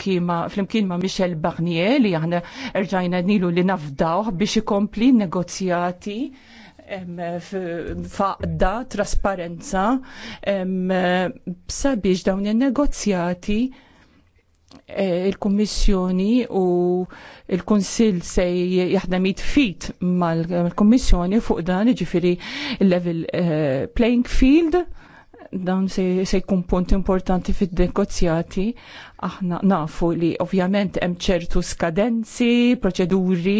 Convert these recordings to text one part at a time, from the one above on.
kima flimkien ma' Michel Barnier li aħna rġajna nilu li nafdaw biex ikompli negozjati faqda trasparenza sabiex dawn in-negozjati eh, il-Kommissjoni u il-Konsil se jaħdem fit mal-Kommissjoni fuq dan ġifiri level eh, playing field dan se, se jkun punt importanti fid-negozjati, aħna nafu li ovvjament hemm ċertu skadenzi, proċeduri,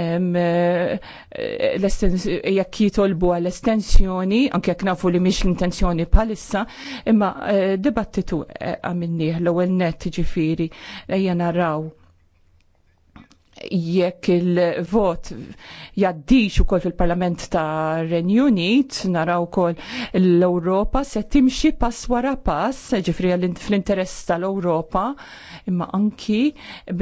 eh, eh, jekk jitolbu għall-estensjoni, anke jekk nafu li mhix l-intenzjoni bħalissa, imma eh, dibattitu għamilnieh l-ewwel net ġifieri ejja naraw jekk il-vot jaddix u koll fil-Parlament ta' Renju Unit, naraw koll l-Europa se timxi pass wara pass, ġifri fl-interess tal-Europa, imma anki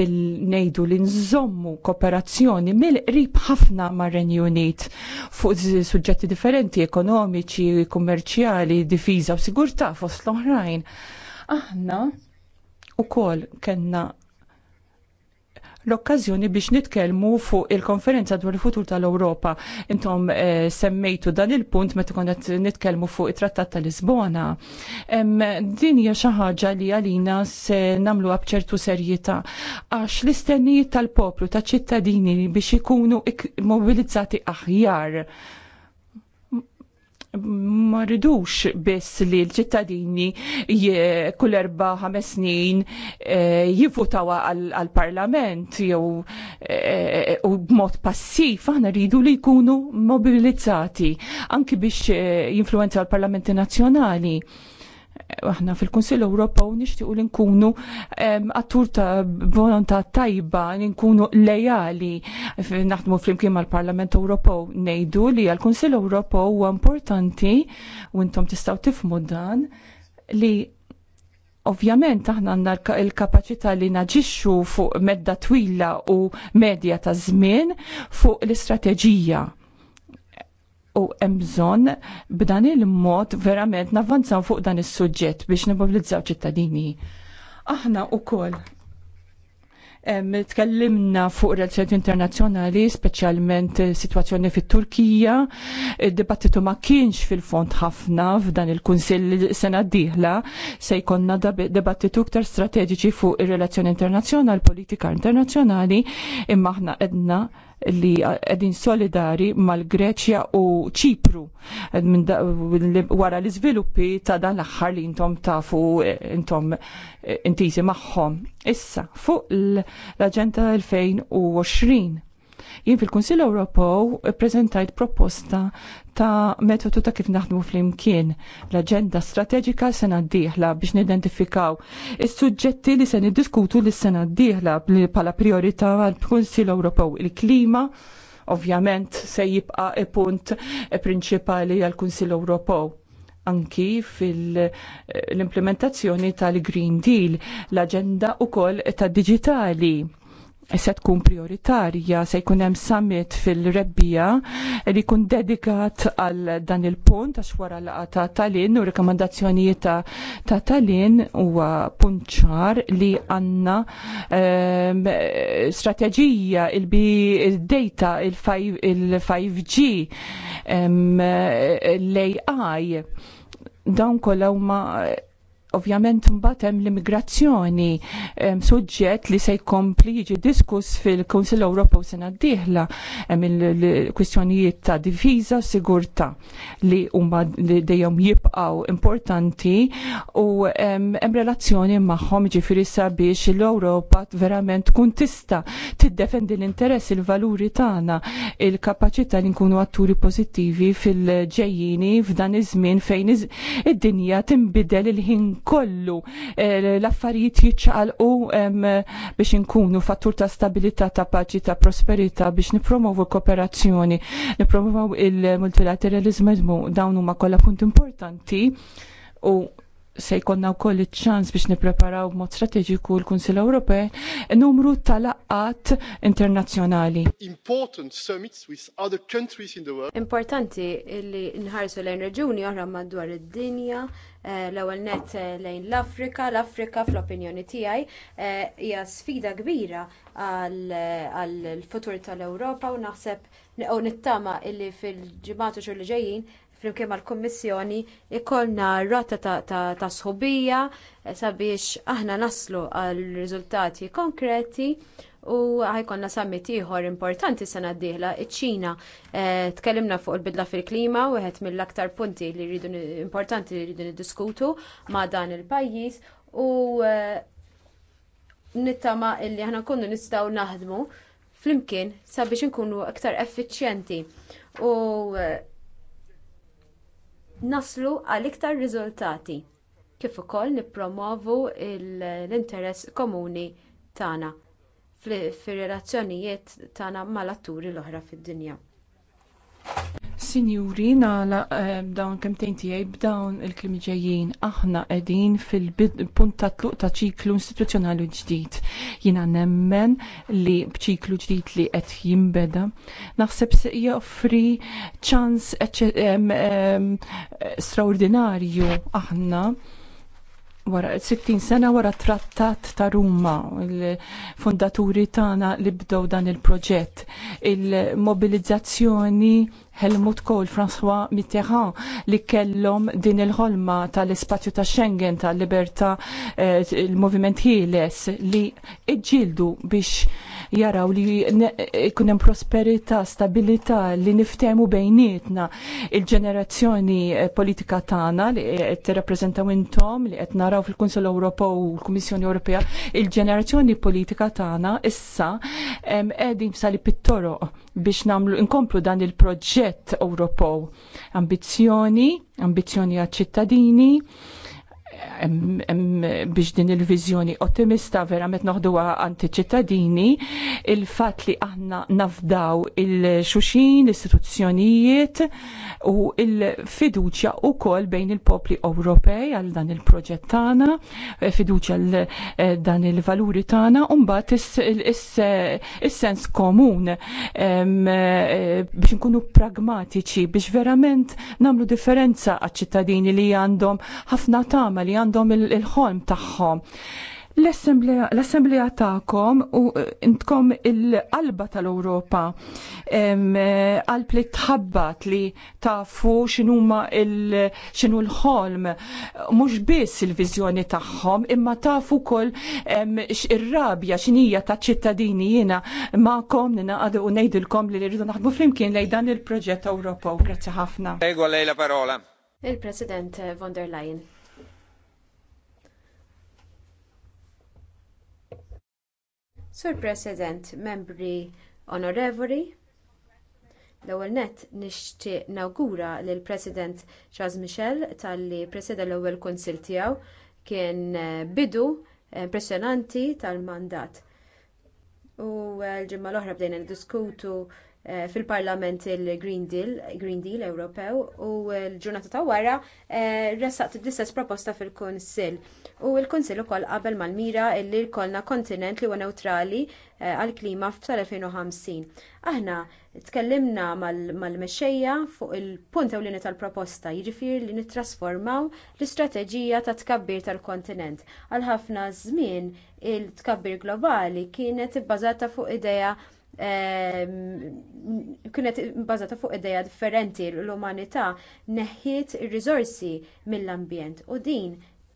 bil-nejdu li nżommu kooperazzjoni mill-qrib ħafna ma' Renju Unit fuq suġġetti differenti, ekonomiċi, kummerċjali, difiża u sigurtà fost l-oħrajn. Aħna u kol kena l-okkażjoni biex nitkellmu fuq il-konferenza dwar il-futur tal-Ewropa. Intom eh, semmejtu dan il-punt meta konet nitkellmu fuq it-Trattat tal-Lisbona. Din hija xi ħaġa li għalina se nagħmluha b'ċertu serjetà għax l-istennijiet tal-poplu taċ-ċittadini biex ikunu mobilizzati aħjar ma ridux biss li l-ċittadini kull erba ħames snin eh, jivvutaw għal-parlament jew eh, eh, u b'mod passiv aħna rridu li jkunu mobilizzati anki biex jinfluenza l-parlamenti nazzjonali aħna fil-Kunsill Ewropew nixtiequ li nkunu attur ta' volontà tajba li nkunu lejali naħdmu flimkien mal-Parlament Ewropew ngħidu li għall-Kunsill Ewropew huwa importanti u intom tistgħu tifmu dan li Ovvjament aħna għandna l-kapaċità li naġixxu fuq medda twila u medja ta' żmien fuq l-istrateġija u bżonn b'dan il-mod verament navvanzaw fuq dan is-suġġett biex nibobilizzaw ċittadini. Aħna wkoll Tkellimna fuq relazzjoni internazzjonali, speċjalment situazzjoni fit-Turkija. Id-dibattitu ma kienx fil-fond ħafna f'dan il-Kunsill sena d-dieħla se jkollna dibattitu ktar strateġiċi fuq ir-relazzjoni internazzjonali, politika internazzjonali, imma aħna edna li qegħdin solidari mal-Greċja u ċipru eh, wara l-iżviluppi ta' dan l-aħħar li intom tafu eh, intom eh, intisi magħhom. Issa fuq l-Aġenda 2020 Jien fil-Kunsill Ewropew ippreżentajt proposta ta' metodu ta' kif naħdmu fl-imkien l-aġenda strateġika sena d-dieħla biex nidentifikaw is-suġġetti li se niddiskutu lis sena d-dieħla bħala priorita għall-Kunsill Ewropew il-klima, ovvjament se jibqa' e punt prinċipali għal kunsill Ewropew anki fil-implementazzjoni tal-Green Deal, l-agenda u koll ta' digitali se tkun prioritarja, se jkun hemm summit fil-rebbija li jkun dedikat għal dan il-punt għax wara l-laqgħa ta' Talin u rekomandazzjonijiet ta', ta Talin huwa ċar li għandna um, strateġija il bi il-data il-5G il um, ehm, l-AI dawn kollha huma Ovvjament mbagħad hemm l-immigrazzjoni suġġett li se jkompli jiġi diskuss fil-Kunsill u sena d-dieħla hemm il-kwistjonijiet ta' diviża u sigurtà li huma dejjem jibqgħu importanti u hemm relazzjoni magħhom jiġifieri sabiex l-Ewropa verament tkun tista' tiddefendi l-interess il-valuri tagħna il-kapaċità li nkunu atturi pożittivi fil-ġejjini f'dan iż-żmien fejn id-dinja tinbidel il-ħin kollu eh, l-affarijiet jiċċaqalqu biex inkunu fattur ta' stabilità ta' paċi ta' prosperità biex nipromovu kooperazzjoni, nipromovu il-multilateralizmu dawn huma kollha punt importanti u se jkonna u koll ċans biex nipreparaw mod strateġiku l-Kunsil Ewropej numru tal-aqqat internazzjonali. Important summits with other countries in the world. Importanti li nħarsu lejn reġuni oħra madwar id-dinja, eh, l-ewwel net eh, lejn l-Afrika, l-Afrika fl-opinjoni tiegħi eh, hija sfida kbira għall futur tal-Ewropa u naħseb u nittama illi fil-ġimgħat u xhur ġejjin flimkien mal-Kummissjoni ikollna rotta ta' sħubija eh, sabiex aħna naslu għal riżultati konkreti u ħajkonna summit ieħor importanti sena d-dieħla iċ-Ċina. Eh, tkellimna fuq il-bidla fil-klima wieħed mill-aktar punti li rridu importanti li rridu niddiskutu ma' dan il-pajjiż u eh, nittama illi ħana nkunu nistgħu naħdmu flimkien sabiex inkunu aktar effiċjenti u naslu għal iktar riżultati kif ukoll nippromovu l-interess komuni tagħna fir-relazzjonijiet tagħna mal-atturi l-oħra fid-dinja Sinjuri, nala eh, dawn kemtejn tiegħi b'dawn il klimi ġejjin aħna qegħdin fil-punt ta' tluq ta' ċiklu istituzzjonali ġdid. Jiena nemmen li b'ċiklu ġdid li qed jinbeda. Naħseb se joffri ċans straordinarju aħna wara 60 sena wara trattat ta' Ruma, il-fondaturi tagħna li bdew dan il-proġett, il-mobilizzazzjoni Helmut Kohl, François Mitterrand li kellhom din il-ħolma tal-ispazju ta' Schengen, tal-libertà, eh, il-moviment ħieles li iġġildu biex jaraw li ikun hemm prosperità, stabilità li niftemu bejnietna il-ġenerazzjoni eh, politika tagħna li qed tirrappreżentaw intom li qed naraw fil-Kunsell Ewropew u l-Kummissjoni Ewropea, il-ġenerazzjoni politika tagħna issa qegħdin sali pittoroq biex namlu inkomplu dan il-proġett Ewropew. Ambizzjoni, ambizzjoni għal ċittadini, biex din il-vizjoni ottimista vera met għanti antiċittadini il-fat li aħna nafdaw il-xuxin, l-istituzzjonijiet u il-fiduċja u kol bejn il-popli Ewropej għal dan il-proġett tana, fiduċja għal eh, dan il-valuri tana, umbat il-sens komun eh, biex nkunu pragmatiċi, biex verament namlu differenza għal ċittadini li għandhom ħafna tama li li għandhom il-ħolm tagħhom. l assemblea tagħkom u eh, intkom il-qalba tal-Ewropa qalb eh, li tħabbat li tafu x'inhuma x'inhu l-ħolm mhux biss il vizjoni tagħhom imma tafu kol ir-rabja x'inija ta' ċittadini jiena magħkom ninaqadu u ngħidilkom li rridu naħdmu flimkien lejn dan il-proġett Ewropew. Grazzi ħafna. Ego lej la parola. Il-President von der Leyen. Sur President, membri onorevoli, l-ewwel nett nixtieq nawgura lill President Charles Michel talli preseda l-ewwel kunsill tiegħu kien eh, bidu impressjonanti tal-mandat. U eh, l-ġimgħa l-oħra bdejna niddiskutu Eh, fil-Parlament il-Green Deal, Green Deal Ewropew u l-ġurnata ta' wara eh, ressaqt id-distess proposta fil-Kunsill. U l-Kunsill ukoll qabel mal-mira li jkollna kontinent li huwa neutrali eh, għal-klima f'tal-2050. Aħna tkellimna mal-mexxejja fuq il-punt ewlieni tal-proposta, jiġifier li nittrasformaw l-istrateġija ta' tkabbir tal-kontinent. Għal ħafna żmien il-tkabbir globali kienet ibbażata fuq idea Ehm, kienet bazata fuq ideja differenti l-umanità neħħiet ir-riżorsi mill-ambjent u din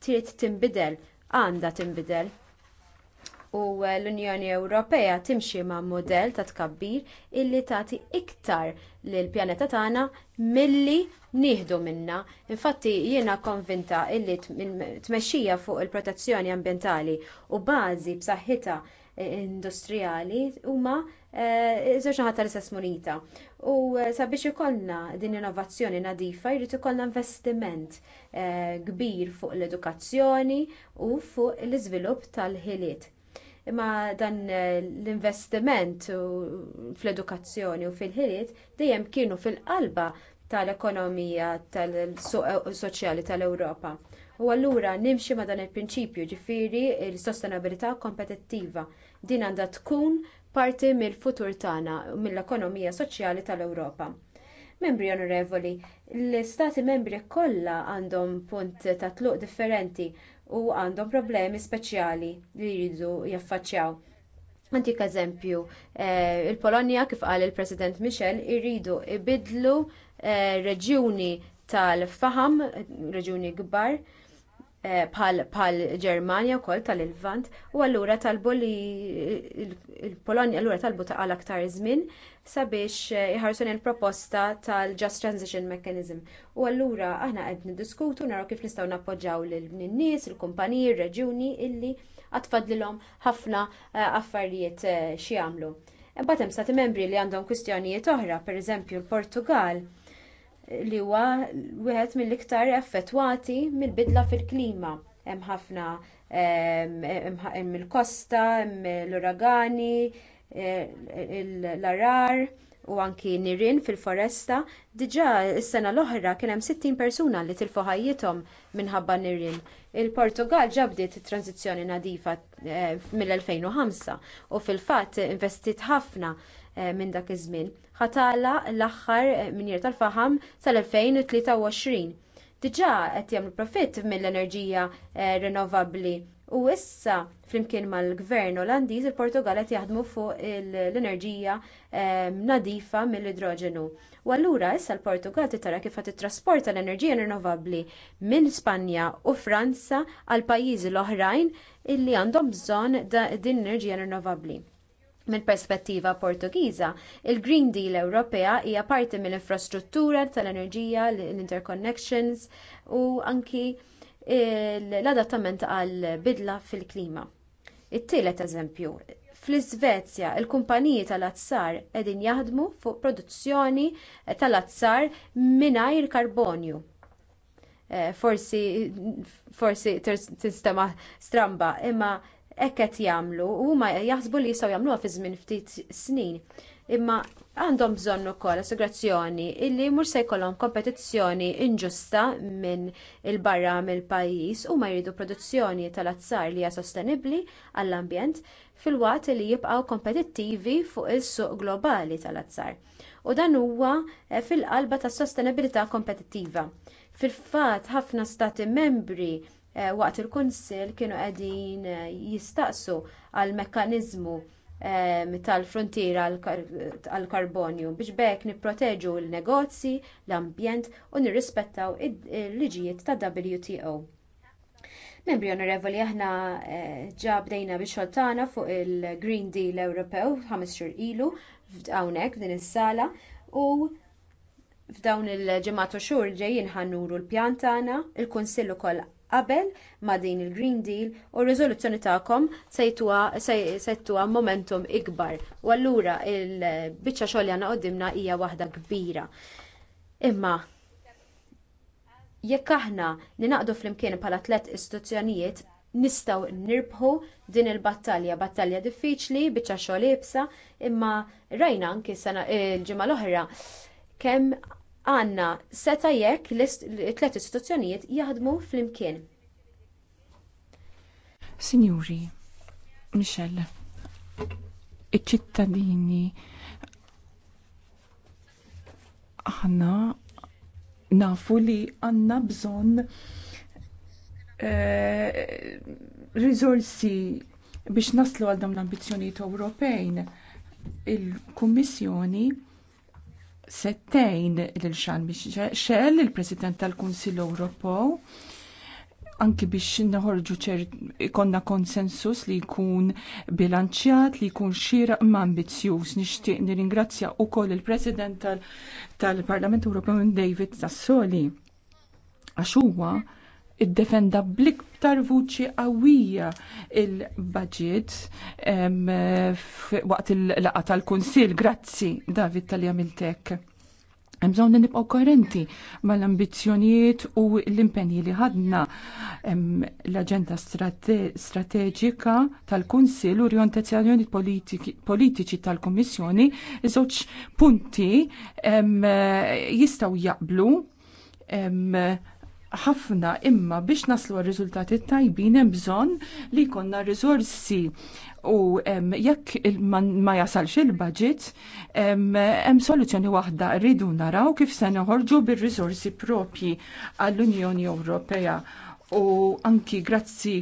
trid tinbidel għandha tinbidel u l-Unjoni Ewropea timxi ma' mudell ta' tkabbir illi tagħti iktar lill pjaneta tagħna milli nieħdu minnha. Infatti jiena konvinta illi tmexxija fuq il-protezzjoni ambjentali u bażi b'saħħitha Eh, industrijali huma eh, żewġ naħat tal-istess munita. U eh, sabiex ikollna din innovazzjoni nadifa jrid ikollna investiment kbir fuq l-edukazzjoni u fuq l-iżvilupp tal-ħiliet imma dan l-investiment fl-edukazzjoni u fil-ħiliet dejjem kienu fil-qalba tal-ekonomija tal-soċjali tal-Ewropa. U allura nimxi ma dan il-prinċipju ġifiri s sostenabilità kompetittiva Din għandha tkun parti mill-futur tagħna u mill-ekonomija soċjali tal-Ewropa. Membri onorevoli, l-istati membri kollha għandhom punt ta' tluq differenti u għandhom problemi speċjali li jridu jaffaċċjaw. Antik eżempju, eh, il-Polonja kif qal il-President Michel irridu ibidlu eh, reġjuni tal-faham, reġjuni kbar, bħal eh, Ġermanja wkoll tal-Ilvant u allura talbu li il-Polonja allura talbu taqal aktar żmien sabiex eh, iħarsun il-proposta tal-Just Transition Mechanism. U allura aħna qed diskutu naraw kif nistgħu nappoġġaw lil nies, il-kumpaniji, ir-reġjuni illi għatfadlilom ħafna eh, affarijiet xi għamlu. Imbagħad hemm stati membri li għandhom kwistjonijiet oħra, pereżempju l-Portugal li huwa wieħed mill-iktar affettwati mill-bidla fil-klima. Hemm ħafna hemm il-kosta, hemm l-uragani, eh, l-arar u anki nirien fil-foresta. Diġà s-sena l-oħra kien hemm 60 persuna li tilfu ħajjithom minħabba nirien. Il-Portugal ġabdiet bdiet it tranzizzjoni nadifa eh, mill-2005 u fil-fatt investit ħafna Eh, minn dak iż-żmien. Ħatala l-aħħar eh, minjer tal-faħam sal-2023. Diġà qed jagħmlu profitt mill-enerġija eh, rinnovabbli u issa flimkien mal-gvern Olandiż il-Portugal qed jaħdmu fuq l-enerġija nadifa mill-idroġenu. U allura issa l-Portugal titara kif qed trasporta l-enerġija rinnovabbli minn Spanja u Franza għal pajjiżi l-oħrajn illi għandhom bżonn din l-enerġija rinnovabbli. Mill-perspettiva Portugiża, il-Green Deal Ewropea hija parti mill-infrastruttura tal-enerġija, l-interconnections u anki l-adattament għall bidla fil-klima. It-tielet eżempju, fl-Iżvezja il-kumpaniji tal-azzar qegħdin jaħdmu fuq produzzjoni tal-azzar mingħajr karbonju. Eh, forsi forsi tistema stramba, imma hekk qed jagħmlu huma jaħsbu li jistgħu jagħmluha fi żmien ftit snin. Imma għandhom bżonn ukoll assigurazzjoni illi mhux se jkollhom kompetizzjoni inġusta minn il-barra mill-pajjiż huma jridu produzzjoni tal-azzar li hija sostenibbli għall-ambjent fil-waqt li jibqgħu kompetittivi fuq is-suq globali tal-azzar. U dan huwa fil-qalba tas-sostenibilità kompetittiva. Fil-fatt ħafna stati membri Eh, waqt il-Kunsill kienu qegħdin eh, jistaqsu għal mekkaniżmu eh, tal-frontiera għall-karbonju biex bekk nipproteġu l-negozji, l-ambjent u nirrispettaw il-liġijiet ta' WTO. Membri onorevoli, aħna ġa bdejna biex xoltana fuq il-Green Deal Ewropew ħames xhur ilu hawnhekk f'din is-sala u f'dawn il-ġimgħat u xhur ġejjin ħanuru l-pjan tagħna, il-Kunsill ukoll qabel ma' din il-Green Deal u r-riżoluzzjoni tagħkom sejtuha momentum ikbar. U allura il-biċċa xogħol għandna qudiemna hija waħda kbira. Imma jekk aħna li naqdu flimkien bħala tliet istituzzjonijiet nistgħu nirbħu din il-battalja, battalja diffiċli, biċċa xogħol ibsa, imma rajna anki sena l-ġimgħa l-oħra kemm għanna seta jekk tliet istituzzjonijiet jaħdmu flimkien. Sinjuri, Michelle, iċ-ċittadini għanna nafu li għandna bżonn eh, rizorsi biex naslu għal dawn l-ambizzjonijiet Ewropejn il-Kummissjoni settejn l-xan biex xell il-President tal-Kunsill Ewropew anki biex naħorġu ċer ikonna konsensus li jkun bilanċjat, li jkun xira ma ambizjuż. Nixtieq nirringrazzja wkoll il-President tal-Parlament Ewropew David Sassoli għax huwa iddefenda bliktar vuċi qawwija il-budget waqt il-laqa tal-Kunsil. Grazzi, David, tal jamiltek Mżon li nibqaw ma mal-ambizjonijiet u l-impenji li ħadna l-agenda strateġika tal-Kunsil u rjontazzjoni politiċi tal-Kommissjoni, żewġ punti jistaw jaqblu ħafna imma biex naslu r riżultati tajbin hemm bżonn li jkollna riżorsi u jekk ma jasalx il-budget hemm soluzzjoni waħda rridu naraw kif se noħorġu bir-riżorsi propji għall-Unjoni Ewropea u anki grazzi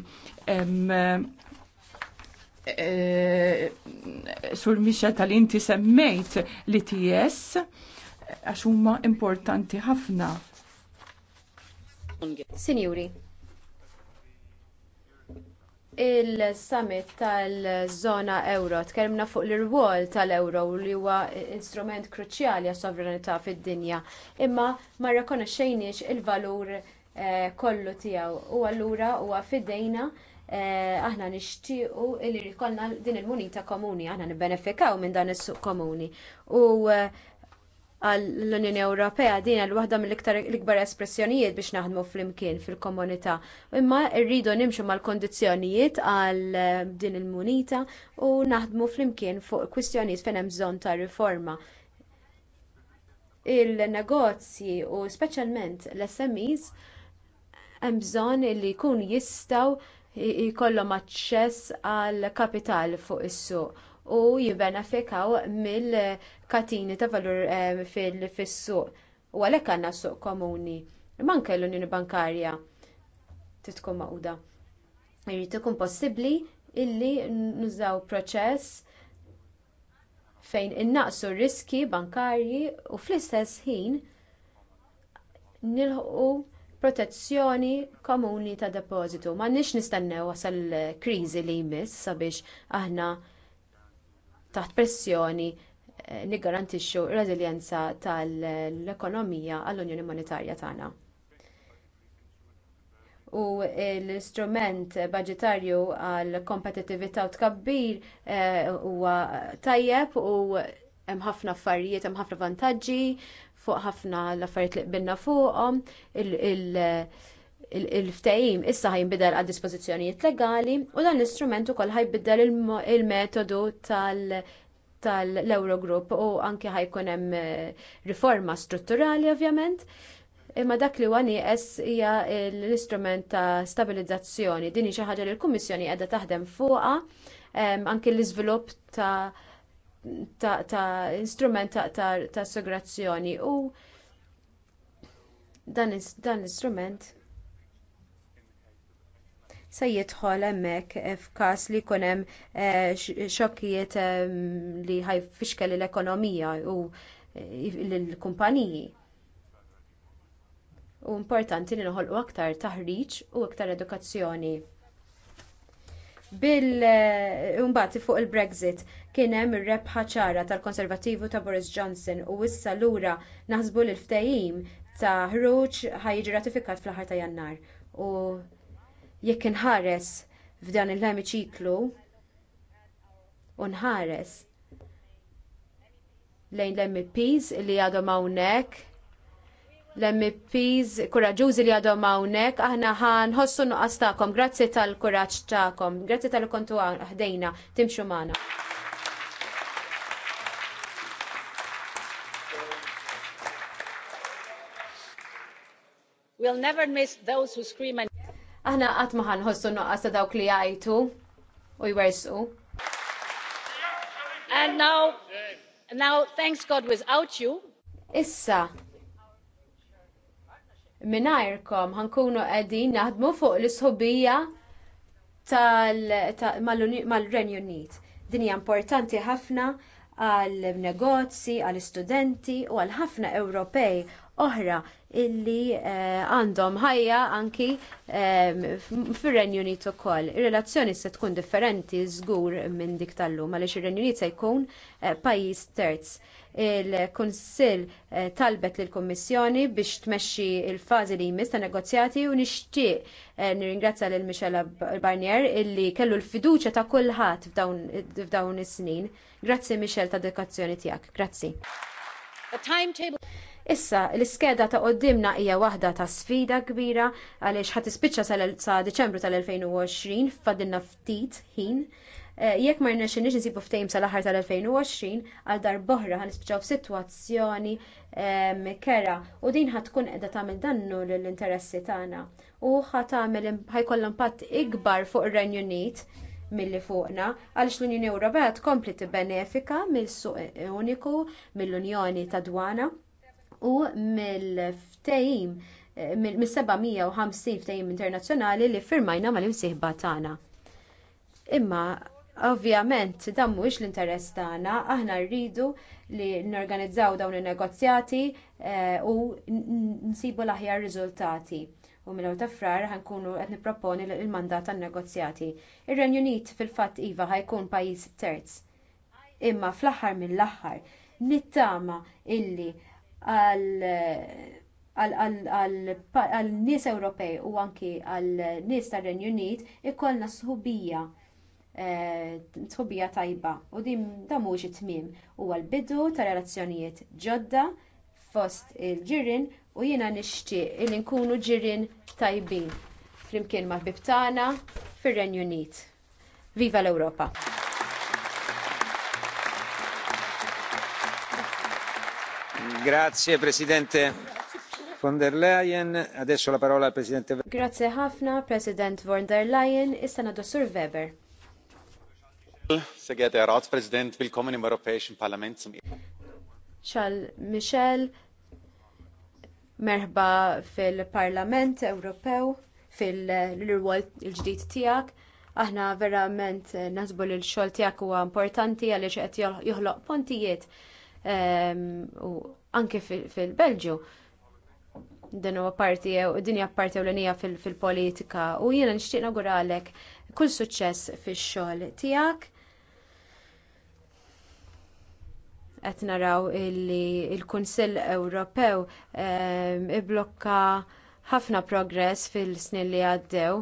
eh, Sur Mixa tal-inti semmejt li TS għax huma importanti ħafna Sinjuri, il-summit tal-żona Ewro tkellmna fuq l-irwol tal-euro li huwa instrument kruċjali għas sovranità fid-dinja, imma ma rrikonoxxejniex il-valur eh, kollu tiegħu u allura huwa fidejna eh, aħna nixtiequ li jkollna din il-munita komuni, aħna nibbenefikaw minn dan is-suq komuni. U eh, għall-Unjoni Ewropea din għal waħda mill-iktar l-ikbar espressjonijiet biex naħdmu flimkien fil-komunità. Imma rridu nimxu mal-kondizzjonijiet għal din il-munita u naħdmu flimkien fuq kwistjonijiet fejn hemm bżonn ta' riforma il-negozji u speċjalment l-SMEs hemm bżonn li jkun jistgħu jkollhom aċċess għal kapital fuq is-suq u jibbenefikaw mill-katini ta' valur eh, fil-suq. U għalhekk għandna suq komuni. Imma anke l-Unjoni Bankarja titkun maqda. Jrid ikun possibbli illi nużaw proċess fejn innaqsu r riski bankarji u fl-istess ħin nilħqu protezzjoni komuni ta' depożitu. Ma nix nistennew wasal kriżi li jmiss sabiex aħna taħt pressjoni eh, niggarantixxu r-reżiljenza tal-ekonomija għall-Unjoni Monetarja tagħna. U l-istrument baġitarju għall kompetittività u tkabbir eh, huwa tajjeb u hemm ħafna affarijiet, hemm ħafna vantaġġi fuq ħafna l-affarijiet li qbilna fuqhom, il- il-ftehim issa ħajnbidel għad dispożizzjonijiet legali u dan l-istrument ukoll ħajbidel il-metodu tal-Eurogroup u anke ħajkun hemm eh, riforma strutturali ovvjament. Imma dak li huwa es hija l-istrument ta' stabilizzazzjoni. Din hi xi ħaġa li l-Kummissjoni qiegħda taħdem fuqha ehm, anke l-iżvilupp ta' ta' instrument ta' assigurazzjoni u dan l-istrument se jidħol hemmhekk f'każ li jkun hemm eh, xokkijiet eh, li ħajfixkel l-ekonomija u eh, l-kumpaniji. U importanti li noħolqu aktar taħriġ u aktar edukazzjoni. Bil mbagħad fuq il-Brexit kien hemm ir-rebħa ċara tal-Konservattivu ta' Boris Johnson u issa lura naħsbu l-ftehim ta' ħruġ ħajġi ratifikat fl-aħħar ta' Jannar. U Jekk inħares f'dan il-emiċiklu u nħares lejn l-MPs li għadhom hawnhekk l-MPs kuraġużi li għadhom hawnhekk aħna ħanħossu nuqqas tagħkom. Grazzi tal-kuraġġ tagħkom. Grazzi tal-kontu ħdejna timxu magħna. We'll never miss those who scream and aħna qatt ma ħanħossu noqqas ta' dawk li jgħidu u jwersu. And now, now thanks God without you. Issa, minajrkom ħankunu qegħdin naħdmu fuq l-isħubija tal-Renju Unit. Din hija importanti ħafna għal negozji, għal studenti u għal ħafna Ewropej oħra illi eh, għandhom uh, ħajja anki um, fir-Renju Unit ukoll. Ir-relazzjoni se tkun differenti żgur minn dik tal-lum għaliex ir-Renju Unit se jkun uh, pajjiż terz il-Kunsill eh, talbet lill kummissjoni biex tmexxi l-fażi li jmiss ta' negozjati u nixtieq eh, nirringrazzja lil Michel Barnier illi kellu l-fiduċja ta' kulħadd f'dawn is-snin. Grazzi Michel ta' dedikazzjoni tiegħek. Grazzi. Issa, l-iskeda ta' qoddimna hija waħda ta' sfida kbira għaliex ħat ispiċċa sa' Deċembru tal-2020 fadilna ftit ħin Eh, jekk ma rnex nix nsibu ftejm sal-aħħar tal-2020 għal dar boħra ħanispiċaw f'sitwazzjoni kera u din ħatkun tkun qiegħda tagħmel dannu lill-interessi tagħna u ħad tagħmel ħajkollha impatt ikbar fuq ir-Renju Unit milli fuqna għaliex l-Unjoni Ewropea tkompli tibbenefika mill-suq uniku, mill-Unjoni ta' Dwana u mill-ftehim eh, mill-750 ftehim internazzjonali li firmajna mal-imsieħba tagħna. Imma Ovvjament, dan mhuwiex l-interess tagħna, aħna rridu li norganizzaw dawn in-negozjati eh, u nsibu l-aħjar riżultati. U mill ta' frar ħankunu qed nipproponi il-mandat tan-negozjati. Ir-Renju Unit fil-fatt iva ħajkun pajjiż terz. Imma fl-aħħar mill-aħħar nittama illi għal nies Ewropej u anki għal nies tar-Renju Unit ikollna sħubija Eh, tħobija tajba u din dan mhux it-tmiem huwa l-bidu ta' relazzjonijiet ġodda fost il ġirin u jiena nixtieq il nkunu ġirien tajbin flimkien mal bibtana fir-Renju Unit. Viva l-Ewropa! Grazie Presidente von der Leyen. Adesso la parola al Presidente. Grazie ħafna, President von der Leyen. Issa nadu Sur Weber. Sehr geehrter Herr Ratspräsident, willkommen im Europäischen Parlament zum Charles Michel, merħba fil-Parlament Ewropew, fil-rwol il-ġdid tiegħek. Aħna verament nasbu li l-xogħol tiegħek huwa importanti għaliex qed joħloq pontijiet ehm, u anke fil-Belġju din huwa parti e-, din hija parti ewlenija fil-politika u jiena nixtieq naguralek kull suċċess fix-xogħol tiegħek qed naraw li l-Kunsill Ewropew ehm, iblokka ħafna progress fil-snin li għaddew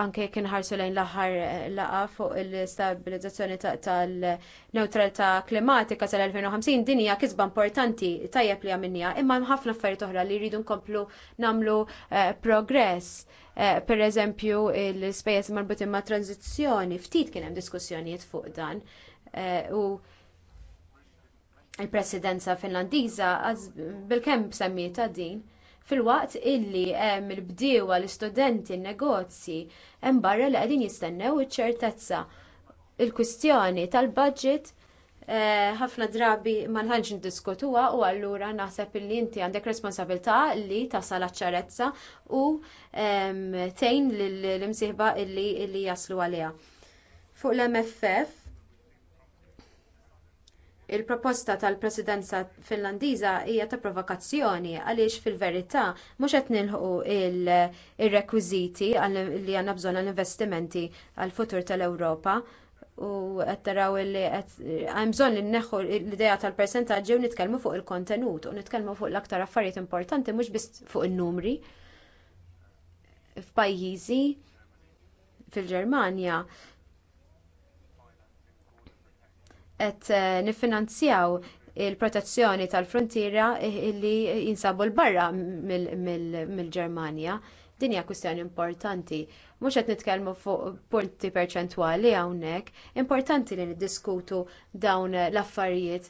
anke kien ħarsu lejn l-aħħar laqgħa fuq il-stabilizzazzjoni tal-neutralità klimatika tal-2050 din hija kisba importanti tajjeb li għamilniha imma hemm ħafna affarijiet oħra li jridu nkomplu nagħmlu eh, progress. Eh, pereżempju l-ispejjeż marbutin ma' tranzizzjoni, ftit kien hemm diskussjonijiet fuq dan eh, u il-presidenza finlandiża bilkemm semmiet din fil-waqt illi hemm il-bdiewa l-istudenti n-negozji hemm barra li qegħdin jistennew iċ-ċertezza il-kwistjoni tal-budget eh, ħafna drabi ma nħanġ ndiskutuha u allura naħseb illi inti għandek responsabilità li tasal ċarezza u tgħin lill-imsieħba illi jaslu għaliha. Fuq l-MFF il-proposta tal-presidenza finlandiża hija ta' provokazzjoni għaliex fil-verità mhux qed nilħu ir-rekwiżiti li għandna bżonn għall-investimenti għall-futur tal-Ewropa u qed taraw li hemm bżonn li nneħħu l-idea tal-persentaġġi u nitkellmu fuq il-kontenut u nitkellmu fuq l-aktar affarijiet importanti mhux biss fuq in-numri. F'pajjiżi fil-Ġermanja qed eh, niffinanzjaw il-protezzjoni tal-frontiera eh, li jinsabu l-barra mill-Ġermanja. Din hija kwistjoni importanti. Mhux qed nitkellmu fuq punti perċentwali hawnhekk, importanti li niddiskutu dawn l-affarijiet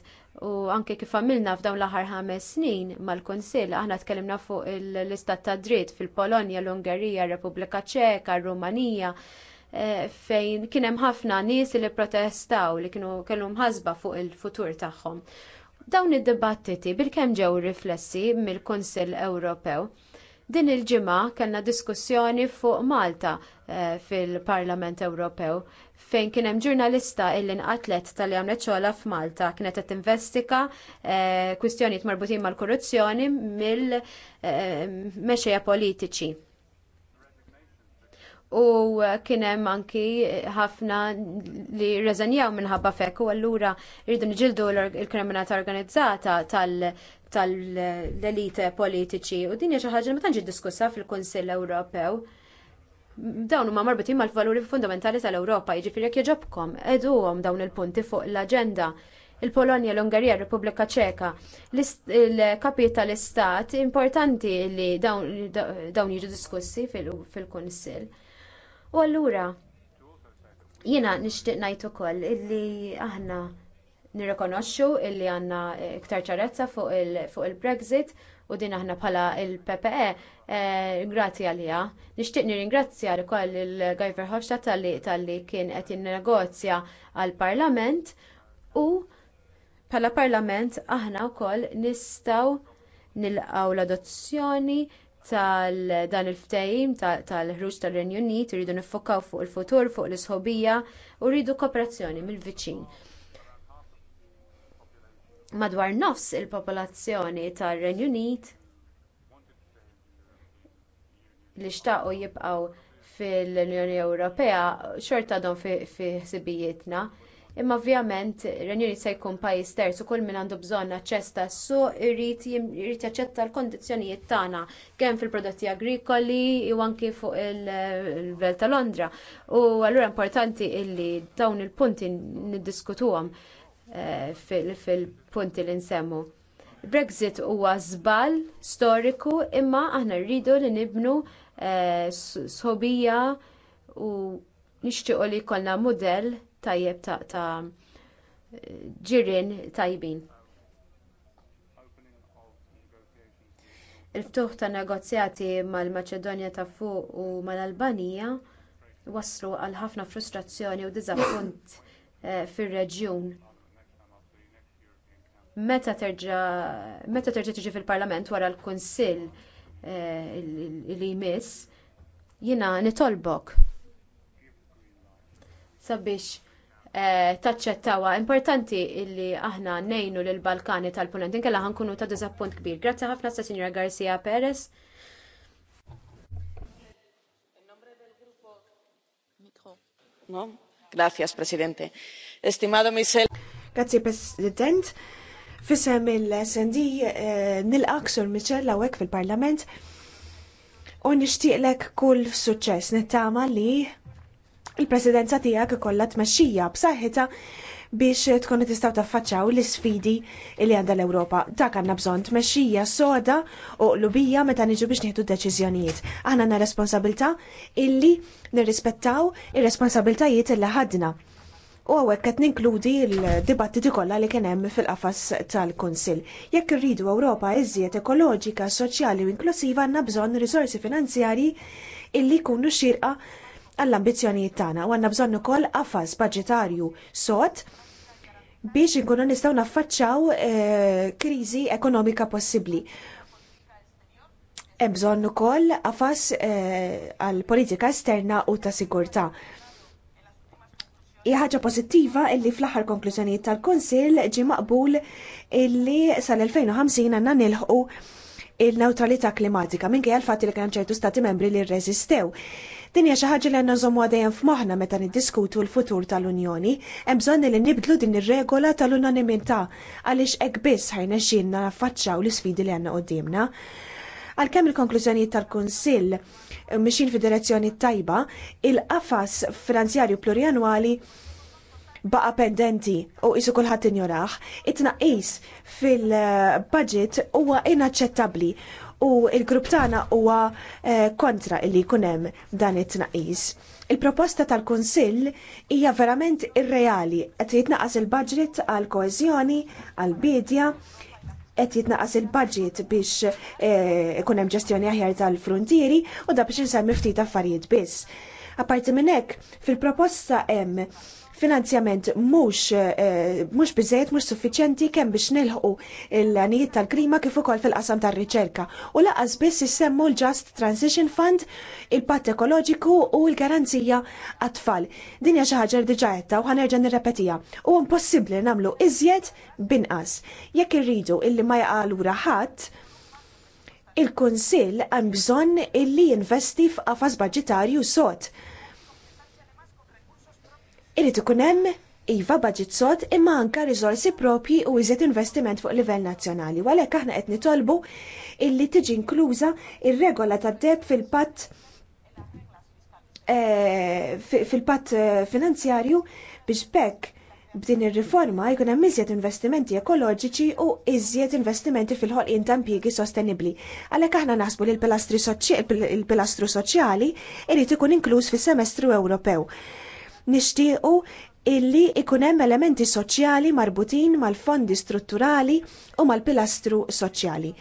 u anke kif għamilna f'dawn l-aħħar ħames snin mal-Kunsill aħna tkellimna fuq l-istat ta' dritt fil-Polonja, l-Ungerija, r-Repubblika Ċeka, r-Rumanija, Eh, fejn kien hemm ħafna nies li protestaw li kienu kellu mħasba fuq il-futur tagħhom. Dawn id-dibattiti bilkemm ġew riflessi mill-Kunsill Ewropew. Din il-ġimgħa kellna diskussjoni fuq Malta eh, fil-Parlament Ewropew fejn kien hemm ġurnalista illi nqatlet tal għamlet xogħla f'Malta kienet qed investika eh, kwistjonijiet marbutin mal-korruzzjoni mill-mexejja politiċi u kienem anki ħafna li reżenjaw minħabba fekk u allura rridu nġildu l-kriminata organizzata tal-elite politiċi u dinja xi ħaġa ma tanġi diskussa fil-Kunsill Ewropew. Dawn huma marbutin mal-valuri fundamentali tal-Ewropa, jiġifieri jekk jogħġobkom għom dawn il-punti fuq l-aġenda il-Polonja, l-Ungarija, Repubblika Ċeka, l kapi tal-istat importanti li dawn jiġu diskussi fil-Kunsill. U allura jiena nixtieq ngħid ukoll illi aħna nirrikonoxxu illi għandna eh, iktar ċarezza fuq il-Brexit u din aħna bħala il-PPE ingrazzi eh, għalija. Nixtieq nirringrazzja ukoll il gajver Verhofstadt tal-li kien qed jinnegozja għall-Parlament u bħala Parlament aħna wkoll nistgħu nilqgħu l-adozzjoni tal dan il-ftehim tal-ħruġ tal-Renju Unit irridu niffokaw fuq il-futur, fuq l-isħobija u rridu kooperazzjoni mill-viċin. Madwar nofs il-popolazzjoni tar-Renju Unit li xtaqu jibqgħu fil-Unjoni Ewropea xorta għadhom fi ħsibijietna. Imma ovvjament Renjuni se jkun pajjiż terz u kull min għandu bżonn aċċess tas-suq irid jaċċetta l-kondizzjonijiet tagħna kemm fil-prodotti agrikoli u anki fuq il-Belt ta' Londra. U allura importanti illi dawn il-punti niddiskutuhom eh, fil-punti li nsemmu. Brexit huwa żball storiku imma aħna rridu li nibnu eh, sħobija u nixtiequ li jkollna mudell tajjeb ta' ġirien tajbin. il-ftuħ tan negozjati mal-maċedonja ta' fuq u mal-albanija wasslu għal ħafna frustrazzjoni u diżappunt eh, fir-reġjun meta terġa' tiġi fil-parlament wara l-kunsill eh, li jmiss jiena nitolbok sabiex Eh, taċċettawa. Importanti illi aħna nejnu lill Balkani tal-Punent inkella ħankunu ta' diżappunt kbir. Grazzi ħafna sa' Signora Garcia Perez. No? Gracias, Presidente. Estimado Michel. Grazie, President. Fissem il-SND eh, nil sur Michel lawek fil-Parlament u nishtiqlek kull suċċess nittama li il-presidenza tiegħek ikollha tmexxija b'saħħitha biex tkunu tistgħu taffaċċaw l-isfidi li għandha l-Ewropa. Dak għandna bżonn tmexxija soda u qlubija meta niġu biex nieħdu deċiżjonijiet. Aħna għandna responsabilità illi nirrispettaw ir-responsabiltajiet illi ħadna. U għawek qed ninkludi l-dibattiti kollha li kien hemm fil-qafas tal-Kunsill. Jekk irridu Ewropa iżjed ekoloġika, soċjali u inklusiva għandna bżonn risorsi finanzjarji illi jkunu xirqa għall-ambizzjonijiet tagħna u għandna bżonn ukoll qafas budġetarju sod biex inkunu nistgħu naffaċċaw eh, kriżi ekonomika possibbli. Hemm bżonn ukoll qafas eh, għall politika esterna u ta' sigurtà. Hija ħaġa pożittiva illi fl-aħħar konklużjonijiet tal-Kunsill ġie maqbul illi sal-2050 għandna nilħqu il-neutralità klimatika minkejja l-fatt li kien ċertu stati membri li rreżistew. Din hija xi ħaġa li għandna nżommu dejjem f'moħħna meta niddiskutu l-futur tal-Unjoni, hemm bżonn li nibdlu din ir-regola tal-unanimità għaliex hekk biss ħajnexxielna naffaċċaw l-isfidi li għandna qudiemna għalkemm il-konklużjonijiet tal-Kunsill mixin fid-direzzjoni tajba, il-qafas finanzjarju plurianwali baqa pendenti u isu kulħadd injoraħ, it-tnaqqis fil-budget huwa inaċċettabbli u il-grupp tagħna huwa eh, kontra illi jkun hemm dan it-tnaqqis. Il-proposta tal-Kunsill hija verament irreali qed jitnaqas il-budget għal koeżjoni għal bidja qed jitnaqas il-budget biex eh, ikun hemm ġestjoni aħjar tal-frontieri u da biex insemmi ftit affarijiet biss. Apparti minn hekk, fil-proposta hemm finanzjament mhux eh, mhux biżejjed mhux suffiċjenti kemm biex nilħqu l-għanijiet tal-klima kif ukoll fil-qasam tar-riċerka. U laqas biss issemmu l-Just Transition Fund, il-Patt Ekoloġiku u l-Garanzija għat-tfal. Din hija xi ħaġa diġà qedta u ħanerġa' nirrepetiha. U impossibbli nagħmlu iżjed binqas. Jekk irridu illi ma jaqa' lura ħadd, il-Kunsill hemm bżonn illi jinvesti f'qafas budġetarju sod Irid ikun hemm Iva budget sod imma anka riżorsi propji u iżiet investiment fuq livell nazzjonali. Għalhekk aħna qed nitolbu illi tiġi inkluża ir-regola tad-deb fil-patt eh, fil-patt eh, finanzjarju biex bekk b'din ir-riforma jkun hemm iżjed investimenti ekoloġiċi u iżjed investimenti fil-ħolqien ta' impjiegi sostenibbli. Għalhekk aħna naħsbu li l-pilastru soċjali irid ikun inkluż fis-semestru Ewropew nixtiequ illi ikun hemm elementi soċjali marbutin mal-fondi strutturali u mal-pilastru soċjali.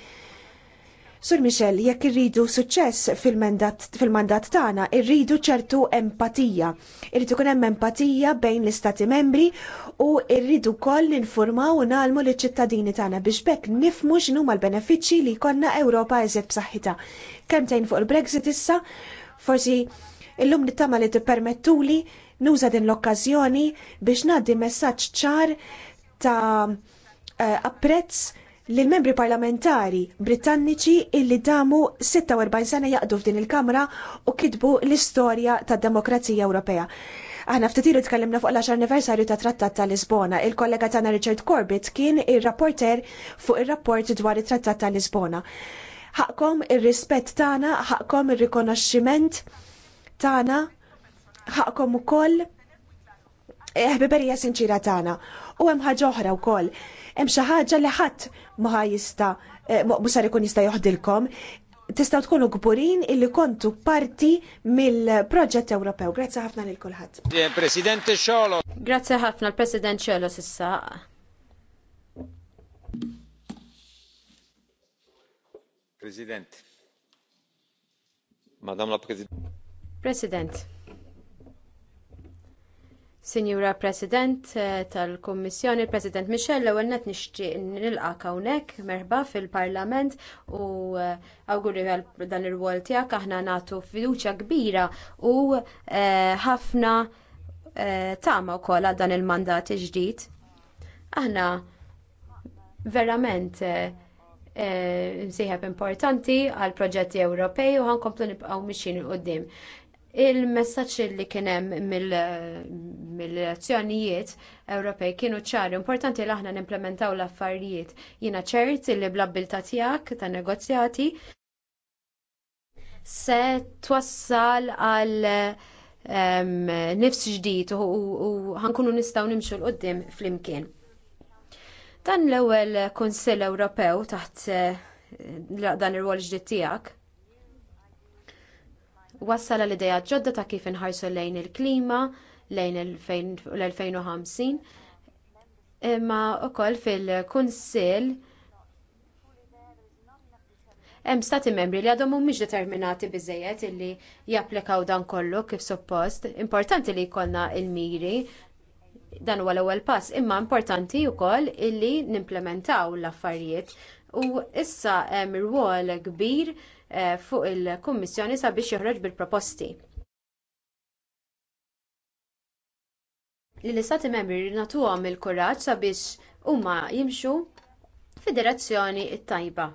Sur Michel, jekk irridu suċċess fil-mandat fil tagħna, irridu ċertu empatija. Irridu kun hemm empatija bejn l-istati membri u irridu koll ninformaw u nalmu liċ-ċittadini tagħna biex bekk nifmu x'inhu l-benefiċċji li jkollna Ewropa eżed b'saħħitha. Kemm tgħin fuq il-Brexit issa, forsi illum nittama li tippermettuli nuża din l-okkażjoni biex ngħaddi messaġġ ċar ta' eh, apprezz lil membri parlamentari Britanniċi illi damu 46 sena jaqdu f'din il-Kamra u kitbu l-istorja tad-Demokrazija Ewropea. Aħna ftitiru tkellimna fuq l-10 anniversarju ta' Trattat ta' Lisbona. Il-kollega tagħna Richard Corbett kien ir-rapporter fuq ir-rapport dwar it-Trattat ta' Lisbona. Ħaqkom ir-rispett tagħna, ħaqkom ir-rikonoxximent tagħna ħaqkom ukoll eh, ħbiberija sinċira tagħna. U hemm ħaġa oħra wkoll. Hemm xi ħaġa li ħadd ma jista' eh, mhux ikun jista' joħdilkom. Tistgħu tkunu kburin illi kontu parti mill-proġett Ewropew. Grazzi ħafna lil kulħadd. President Xolo. Grazzi ħafna l-President Xolo sissa. President. Madam la President. President. Sinjura President eh, tal-Kommissjoni, President Michel, l-ewwel net nixtieq nilqak hawnhekk merħba fil-Parlament u eh, awguri għal dan ir-rwol tiegħek aħna nagħtu fiduċja kbira u eh, ħafna tama wkoll għal dan il-mandat ġdid. Aħna verament msieħeb importanti għal proġetti Ewropej u ħankomplu nibqgħu mixin il-qudiem. Il-messaġġ li kien hemm mill-elezzjonijiet Ewropej kienu ċari, importanti li aħna nimplementaw l-affarijiet. Jiena ċert li bl-abbilta tiegħek ta' negozjati se twassal għal nifs ġdid u ħankunu nistgħu nimxu l qudiem flimkien. Dan l-ewwel Kunsill Ewropew taħt eh, dan ir-rwol ġdid tiegħek wassala l-ideja ġodda ta' kif inħarsu lejn il-klima lejn l-2050 imma wkoll fil-kunsill hemm stati membri li għadhom mhumiex determinati biżżejjed illi japplikaw dan kollu kif suppost. Importanti li jkollna l-miri dan huwa l-ewwel pass, imma importanti wkoll illi nimplementaw l-affarijiet. U issa hemm rwol kbir Eh, fuq il-Kummissjoni sabiex joħroġ bil-proposti. Li l-Istati membri nagħtuhom il-kuraġġ sabiex huma jimxu fid-direzzjoni tajba.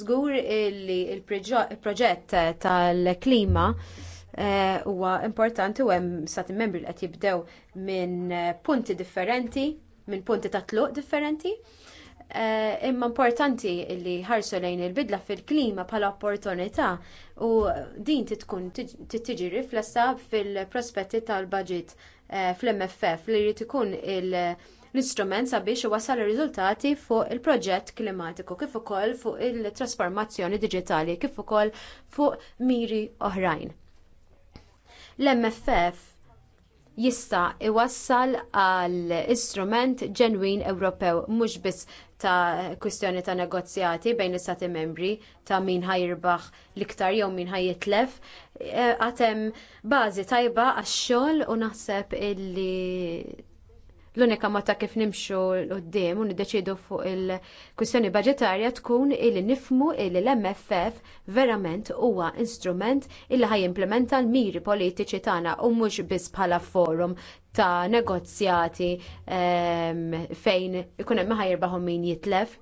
Żgur li l proġett tal-klima eh, huwa importanti u hemm stati membri li qed jibdew minn eh, punti differenti, minn punti ta' tluq differenti. Eh, imma importanti li ħarsu lejn il-bidla fil-klima bħala opportunità u din tkun tiġi riflessa fil-prospetti tal-budget eh, fl-MFF li jrid ikun l-istrument sabiex iwassal ir-riżultati fuq il-proġett klimatiku kif ukoll fuq il-trasformazzjoni diġitali kif ukoll fuq miri oħrajn. L-MFF jista' iwassal għal istrument ġenwin Ewropew mhux biss ta' kwistjoni ta' negozjati bejn l-istati membri ta' min ħajrbaħ l-iktar jew min ħajitlef eh, għatem bażi tajba għax-xogħol u naħseb illi l-unika meta kif nimxu l-qoddim u niddeċidu fuq il-kwistjoni budgetarja tkun illi nifmu illi l-MFF verament huwa instrument illi ħaj implementa l-miri politiċi tagħna u mhux biss bħala forum ta' negozjati ehm, fejn ikun hemm ħajrbaħhom min jitlef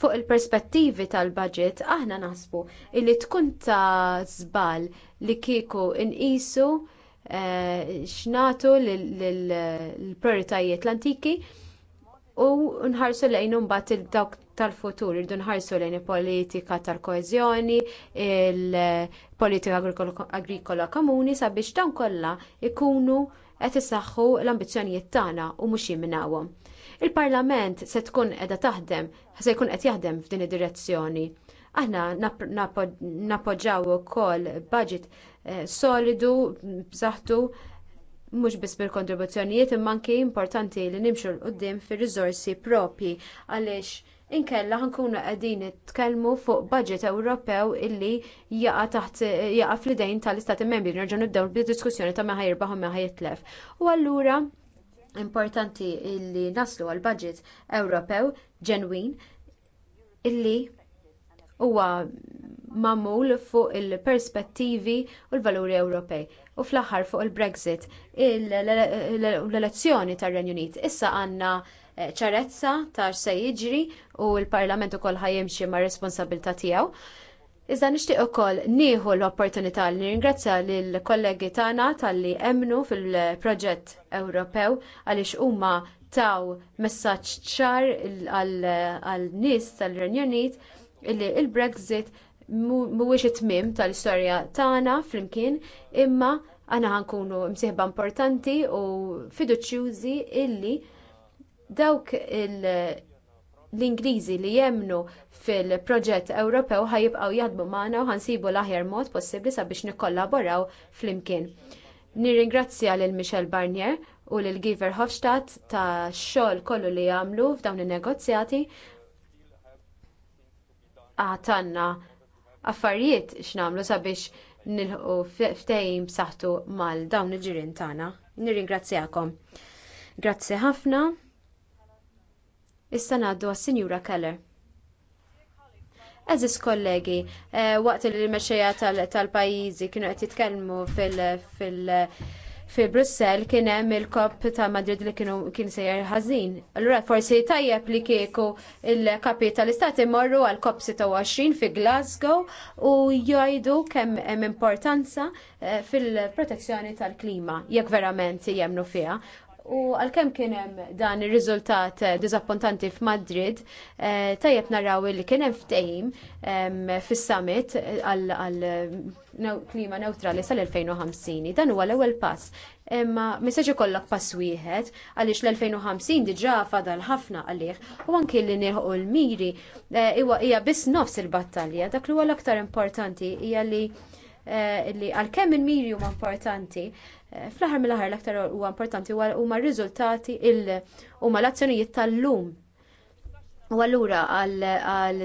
fuq il-perspettivi tal-budget aħna naħsbu li tkun ta' żball li kieku inqisu Eh, xnatu l-prioritajiet l-antiki u nħarsu lejn mbagħad dawk tal-futur irdu nħarsu lejn il-politika tal-koeżjoni, il-politika agrikola komuni sabiex dawn kollha ikunu qed isaħħu l-ambizzjonijiet tagħna u mhux jimnawhom. Il-Parlament se tkun qiegħda taħdem, se jkun qed jaħdem f'din id-direzzjoni. Aħna nappoġġaw ukoll budget eh, solidu b'saħħtu mhux biss bil-kontribuzzjonijiet imma anke importanti li nimxu l qudiem fir-riżorsi propji għaliex inkella ħankunu qegħdin nitkellmu fuq budget Ewropew illi jaqa' taħt jaqa' fl-idejn tal-Istati Membri nerġgħu nibdew bid-diskussjoni ta' ma ħajirbaħ u jitlef. U allura importanti illi naslu għal budget Ewropew ġenwin illi huwa magħmul fuq il-perspettivi u l-valuri Ewropej. U fl-aħħar fuq il-Brexit, l-elezzjoni tar-Renju Unit issa għandna eh, ċarezza ta' se jiġri u l-Parlament ukoll ħajjimxi mar responsabilità tiegħu. Iżda nixtieq ukoll nieħu l-opportunità li ringrazzja lill kollegi tagħna talli emnu fil-proġett Ewropew għaliex huma taw messaġġ ċar għal nies tal-Renju Unit Illi l brexit mhuwiex it-tmiem tal-istorja tagħna flimkien imma għana ħankunu msieħba importanti u fiduċjużi illi dawk l-Ingliżi li jemnu fil-proġett Ewropew ħajibqgħu jaħdmu magħna u ħansibu l-aħjar mod possibbli sabiex nikkollaboraw flimkien. Nirringrazzja lil Michel Barnier u lil Giver Hofstadt tax xogħol kollu li għamlu f'dawn in-negozjati għatanna affarijiet x'namlu sabiex nilħu ftehim b'saħħtu mal dawn il-ġirien tagħna. Nirringrazzjakom. Grazzi ħafna. Issa ngħaddu għas-Sinjura Keller. Eżis kollegi, eh, waqt li l-mexxejja tal-pajjiżi kienu qed jitkellmu fil- fi Brussell kien hemm il-kop ta' Madrid li kienu kien sejjer ħażin. Allura forsi tajjeb li kieku il-kapi tal-istati imorru għal kop 26 fi Glasgow u jgħidu kemm hemm importanza eh, fil-protezzjoni tal-klima jekk verament jemnu fiha. U għalkemm kien hemm dan ir-riżultat eh, diżappuntanti f'Madrid, eh, tajjeb naraw li kien hemm ftehim fis-summit eh, għal klima neutrali sal-2050. Dan huwa l-ewwel pass. Imma mistax ikollok pass wieħed għaliex l-2050 diġà fadal ħafna għalih u anki li nilħu l-miri hija biss nofs il-battalja. Dak li huwa l-aktar importanti hija li għalkemm il-miri huma importanti Eh, fl-aħħar mill-aħħar l-aktar huwa importanti huma r-riżultati il huma l-azzjonijiet tal-lum. U allura għal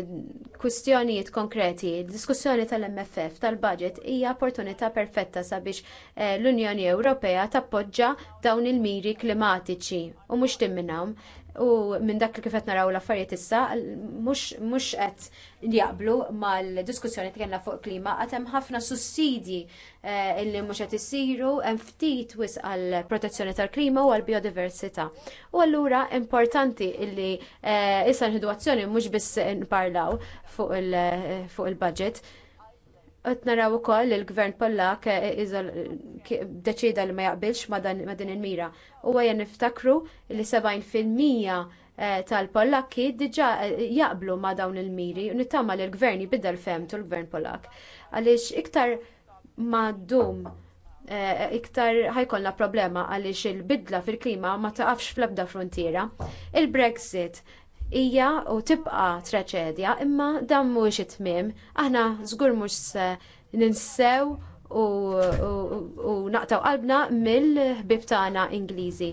kwistjonijiet konkreti, diskussjoni tal-MFF, tal-budget, hija opportunità perfetta sabiex eh, l-Unjoni Ewropea tappoġġa dawn il-miri klimatiċi u mhux timminhom. U minn dak li kifet naraw l-affarijiet issa, mhux qed jaqblu mal-diskussjoni t kellna fuq klima, għad hemm ħafna sussidji eh, illi mhux qed isiru hemm ftit wisq għall protezzjoni tal-klima u għall-biodiversità. U allura importanti illi eh, issa n azzjoni mhux biss nparlaw fuq il-budget. il budget Qed naraw ukoll il-gvern Pollak eh, deċida li ma jaqbilx ma din il-mira. Huwa għajja niftakru li 70% eh, tal-Pollakki diġà eh, jaqblu ma dawn il-miri u nittama li l-gvern jibidel femtu l-gvern Pollak. Għaliex iktar ma dum iktar ħajkollna problema għaliex il-bidla fil-klima ma taqafx fl-ebda frontiera. Il-Brexit hija u tibqa traċedja imma dan mhuwiex it-tmiem aħna żgur mhux se ninsew u, u, naqtaw qalbna mill-ħbib tagħna Ingliżi.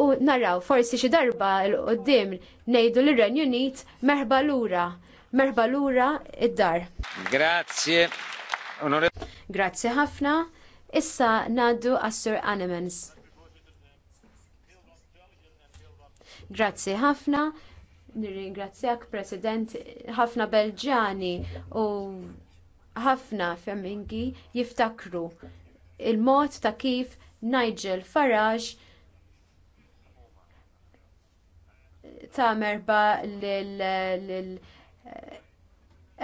U naraw forsi xi darba l qoddim ngħidu lir-Renju Unit merħba lura, merħba lura id-dar. Grazzi. Grazzi ħafna. Issa ngħaddu għas-Sur Animans. Grazzi ħafna. Nirringrazzjak, President, ħafna Belġani u ħafna femmingi jiftakru il-mod ta' kif Nigel Farage ta' merba l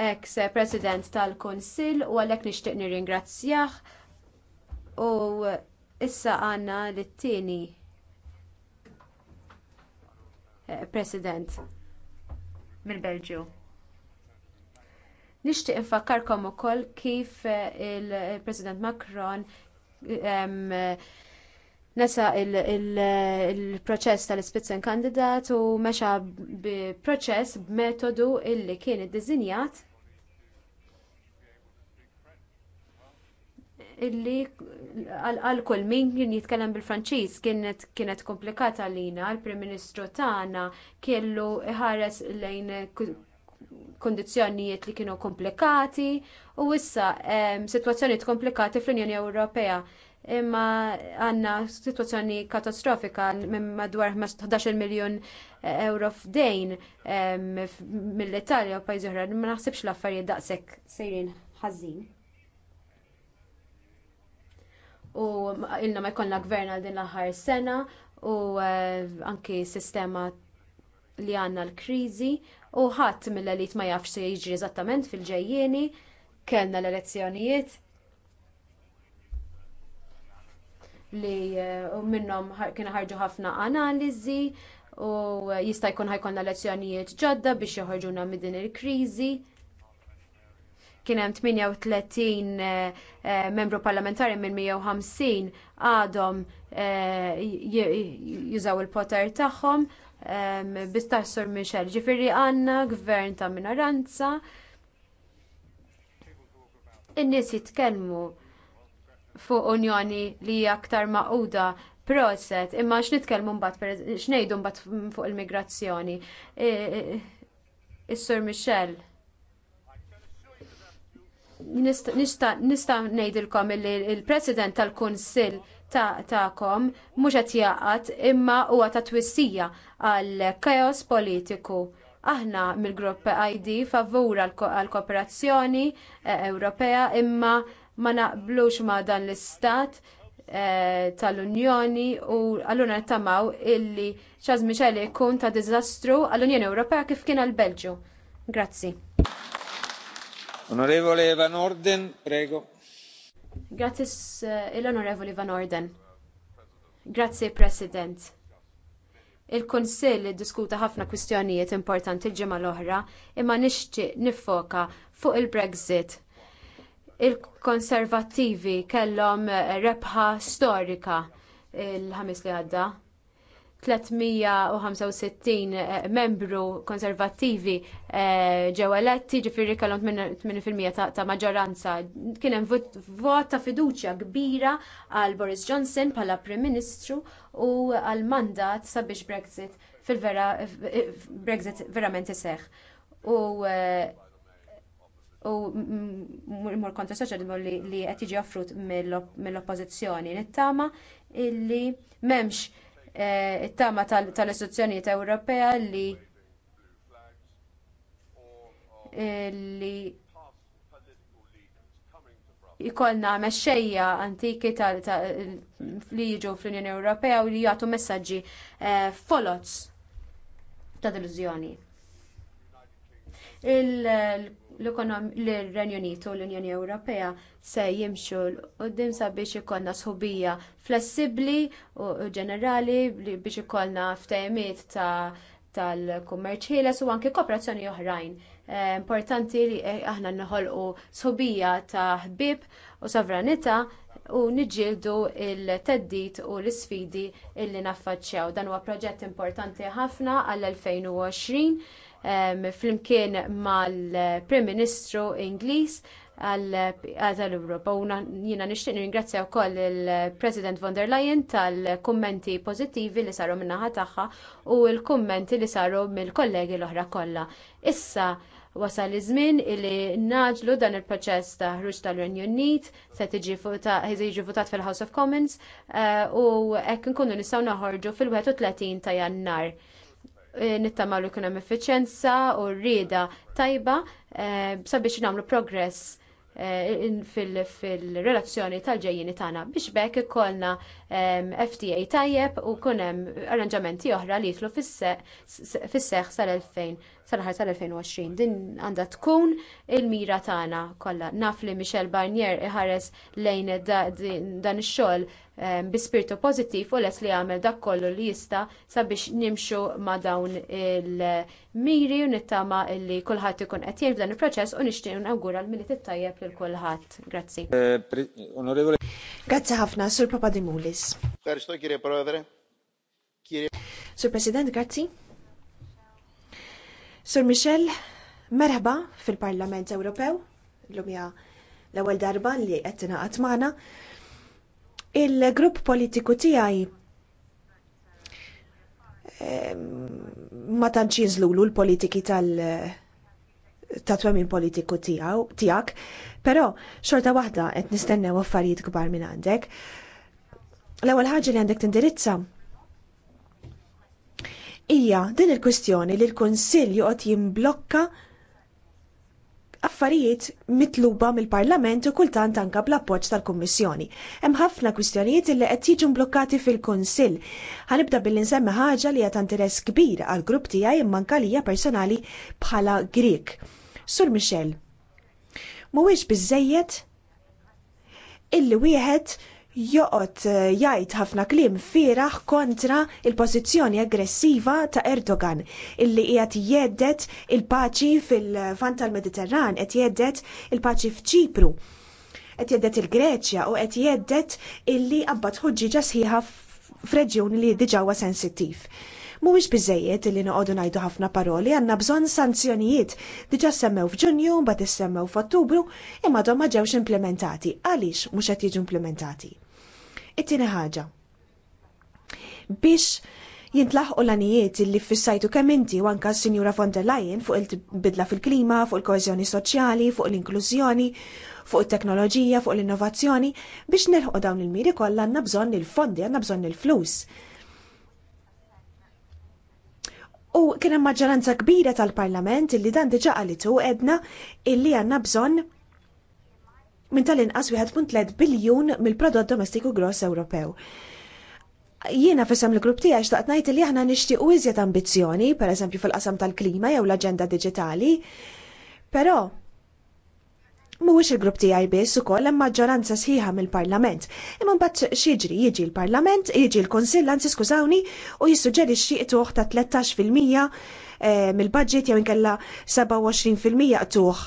ex president tal-Konsil u għalhekk nixtieq nirringrazzjah u issa għandna lit-tieni eh, president mill-Belġju. Nixtieq infakkarkom ukoll kif eh, il-President Macron nesa il-proċess tal-ispitzen kandidat u mexa bi proċess b'metodu illi kien iddiżinjat illi għal kull min kien jitkellem bil-Franċiż kienet kienet komplikata għalina l-Prim Ministru tagħna kellu ħares lejn kundizzjonijiet li kienu komplikati u issa sitwazzjonijiet komplikati fl-Unjoni Ewropea imma għandna sitwazzjoni katastrofika minn madwar 11 miljun euro f'dejn mill-Italja u pajzi oħra, ma naħsibx l-affarijiet daqshekk sejrin ħażin u ilna ma jkollna gvern għal din l-aħħar sena u eh, anki sistema li għandna l-kriżi u ħadd mill-elit ma jafx se jiġri eżattament fil-ġejjieni kellna l-elezzjonijiet li eh, minnhom kienu ħarġu ħafna analiżi u eh, jista' jkun ħajkonna elezzjonijiet ġodda biex joħorġuna minn din il-kriżi kien hemm 38 eh, eh, membru parlamentari minn 150 għadhom eh, jużaw il-poter tagħhom ehm, bistassur Michel. Ġifieri għandna gvern ta' minoranza. In-nies jitkellmu fuq unjoni li hija aktar maquda proset, imma x'nitkellmu mbagħad x'ngħidu mbagħad fuq il-migrazzjoni. Is-Sur Michel. Nista ngħidilkom li l-President tal-Kunsill ta'kom mhux qed jaqat imma huwa ta' twissija għal kaos politiku. Aħna mill-grupp ID favur għall kooperazzjoni eh, Ewropea imma ma naqblux ma dan l-istat eh, tal-Unjoni u allura nittamaw illi Charles Michel jkun ta' diżastru għall-Unjoni Ewropea kif kien għall-Belġju. Grazzi. Onorevole Van Orden, prego. Grazie eh, l-Onorevoli Van Orden. Grazie President. Il-Konsill diskuta ħafna kwistjonijiet importanti l-ġimgħa l-oħra imma nixtieq nifoka fuq il-Brexit. Il-Konservattivi kellhom rebħa storika il ħames li għadda 365 eh, membru konservattivi eh, ġew eletti minn fil-mija ta' maġġoranza. Kien hemm vot ta' fiduċja kbira għal Boris Johnson bħala Prim Ministru u għal mandat sabiex Brexit fil-vera Brexit verament iseħħ. U eh, u mur kontra soċjalizmu li qed jiġi offrut mill-oppożizzjoni nittama illi m'hemmx Eh, it-tama tal-istituzzjonijiet Ewropea li li ikolna mexxejja antiki li jiġu fl-Unjoni Ewropea u li jagħtu messaġġi eh, folots ta' delużjoni l-Renju Unitu u l-Unjoni Ewropea se jimxu l-qoddim sabiex ikollna sħubija flessibbli u ġenerali biex ikollna ftehimiet tal-kummerċ ħieles u anke kooperazzjoni oħrajn. Eh, importanti li eh, aħna nħolqu sħubija ta' ħbieb u sovranità u niġġieldu il-teddit u l isfidi illi naffaċċjaw. Dan huwa proġett importanti ħafna għall-2020 flimkien mal-Prim Ministru Ingliż għal-Europa. U jina nishtiq ringrazzja wkoll il-President von der Leyen tal-kummenti pożittivi li saru min-naħa tagħha u l-kummenti li saru mill-kollegi l-oħra kollha. Issa wasal iż-żmien li naġlu dan il-proċess ta' ħruġ tal-Renju Unit se tiġi votat fil-House of Commons eh, u hekk nkunu nistgħu naħorġu fil-31 ta' Jannar. Eh, nittama li kunem effiċenza u rrida tajba eh, sabiex nagħmlu progress eh, fil-relazzjoni tal-ġejjini tagħna biex bekk ikollna FTA tajjeb u kunem arranġamenti oħra li jitlu fis-seħħ sal-2000 sal-ħar tal-2020. Din għandha tkun il-mira tagħna kollha. Naf li Michel Barnier iħares lejn dan ix-xogħol ehm, bi spiritu pożittiv u les li għamel dak kollu li jista' sabiex nimxu ma' dawn il-miri u nittama li kulħadd ikun qed jgħid f'dan il-proċess u nixtieq nawgura l-milit it-tajjeb lil kulħadd. Grazzi. Eh, grazzi ħafna, Sur Dimulis. Sur President, grazzi. Sur Michel, merħba fil-Parlament Ewropew, l-lumja l-ewwel darba li qed tingħaqad magħna. Il-grupp politiku tiegħi ehm, ma tantx zlulu l-politiki tal- tatwemin politiku tijak, però xorta waħda qed nistennew affarijiet kbar minn għandek. L-ewwel ħaġa li għandek tindirizza hija din il-kwistjoni li l-Kunsill joqgħod jimblokka affarijiet mitluba mill-Parlament u kultant anka bl-appoġġ tal-Kummissjoni. Hemm ħafna kwistjonijiet li qed jiġu mblukkati fil-Kunsill. Ħanibda billi nsemmi ħaġa li qed interess kbir għall grupp tiegħi imma personali bħala Grek. Sur Michel, mhuwiex biżejjed illi wieħed joqgħod eh, jgħid ħafna kliem fieraħ kontra il-pożizzjoni aggressiva ta' Erdogan illi qiegħed jeddet il-paċi fil-fan tal-Mediterran, qed jeddet il-paċi f'Ċipru, qed jeddet il-Greċja u qed jeddet illi qabbad ħoġġiġa sħiħa f'reġjun li huwa sensittiv mhuwiex biżejjed li noqogħdu ngħidu ħafna paroli għandna bżonn sanzjonijiet diġà semmew f'Ġunju mbagħad issemmew f'Ottubru imma dom ma ġewx implementati. Għaliex mhux qed jiġu implementati? It-tieni ħaġa. Biex jintlaħ l-anijiet li fissajtu kemm inti u anka s-Sinjura von der Leyen fuq il-bidla fil-klima, fuq il-kohezjoni soċjali, fuq l-inklużjoni, fuq it-teknoloġija, fuq l-innovazzjoni, biex nelħu dawn il-miri kollha għandna bżonn il-fondi, għandna bżonn il-flus. U kien hemm maġġoranza kbira tal-Parlament illi dan diġà qalitu edna illi għandna bżonn minn tal-inqas 1.3 biljun mill-prodott domestiku gross Ewropew. Jiena fissam l-grupp tiegħi xtaqt ngħid li aħna nixtiequ iżjed ambizzjoni, pereżempju fil-qasam tal-klima jew l-aġenda diġitali, però Mhuwiex il-grupp tiegħi biss ukoll hemm maġġoranza sħiħa mill-Parlament. Imma mbagħad xiġri jiġi l-Parlament, jiġi l-Kunsill anzi skużawni u jissuġġerixxi tuħ ta' 13% eh, mill-budget jew inkella 27% tuħ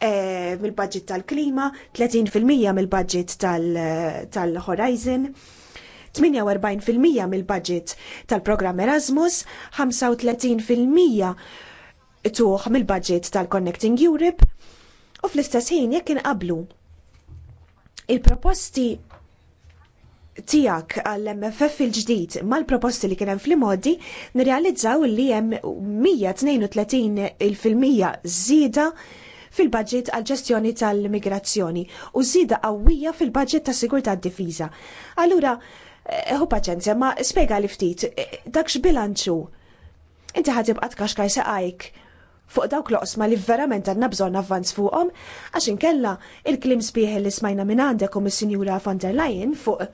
Eh, mill-budget tal-klima, 30% mill-budget tal-Horizon, 48% mill-budget tal-programm Erasmus, 35% tuħ mill-budget tal-Connecting Europe u fl-istess ħin jekk inqablu il-proposti tijak għall-MFF il-ġdid mal-proposti li kienem fl-modi nirrealizzaw li jem 132% fil mija zida fil-budget għal ġestjoni tal-migrazzjoni u żida qawwija fil-budget ta' sigurtà d-difiża. Allura, eh, hu paċenzja, ma spjega li ftit, eh, dak x'bilanċu. Inti ħad tibqa' tkaxkaj saqajk fuq dawk l-oqsma li verament għandna bżonn avvanz fuqhom għax inkella il-klim spieħi li smajna minn għandek u mis-Sinjura van der Leyen fuq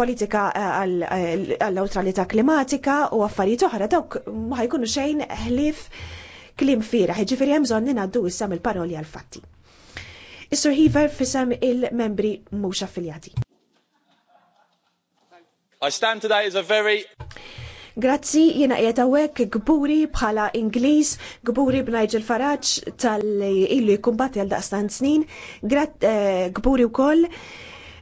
politika eh, għall-neutralità klimatika u affarijiet oħra dawk ma ħajkunu xejn ħlief klim fira, ġifiri hemm bżonn ninaddu issa il paroli għal fatti. Is-Sur Heaver fisem il-membri mhux affiljati. I stand today as a very Grazzi, jena qiegħed hawnhekk gburi bħala Ingliż, gburi b'Nigel Farage tal-ilu jkumbati għal daqstan snin, eh, gburi wkoll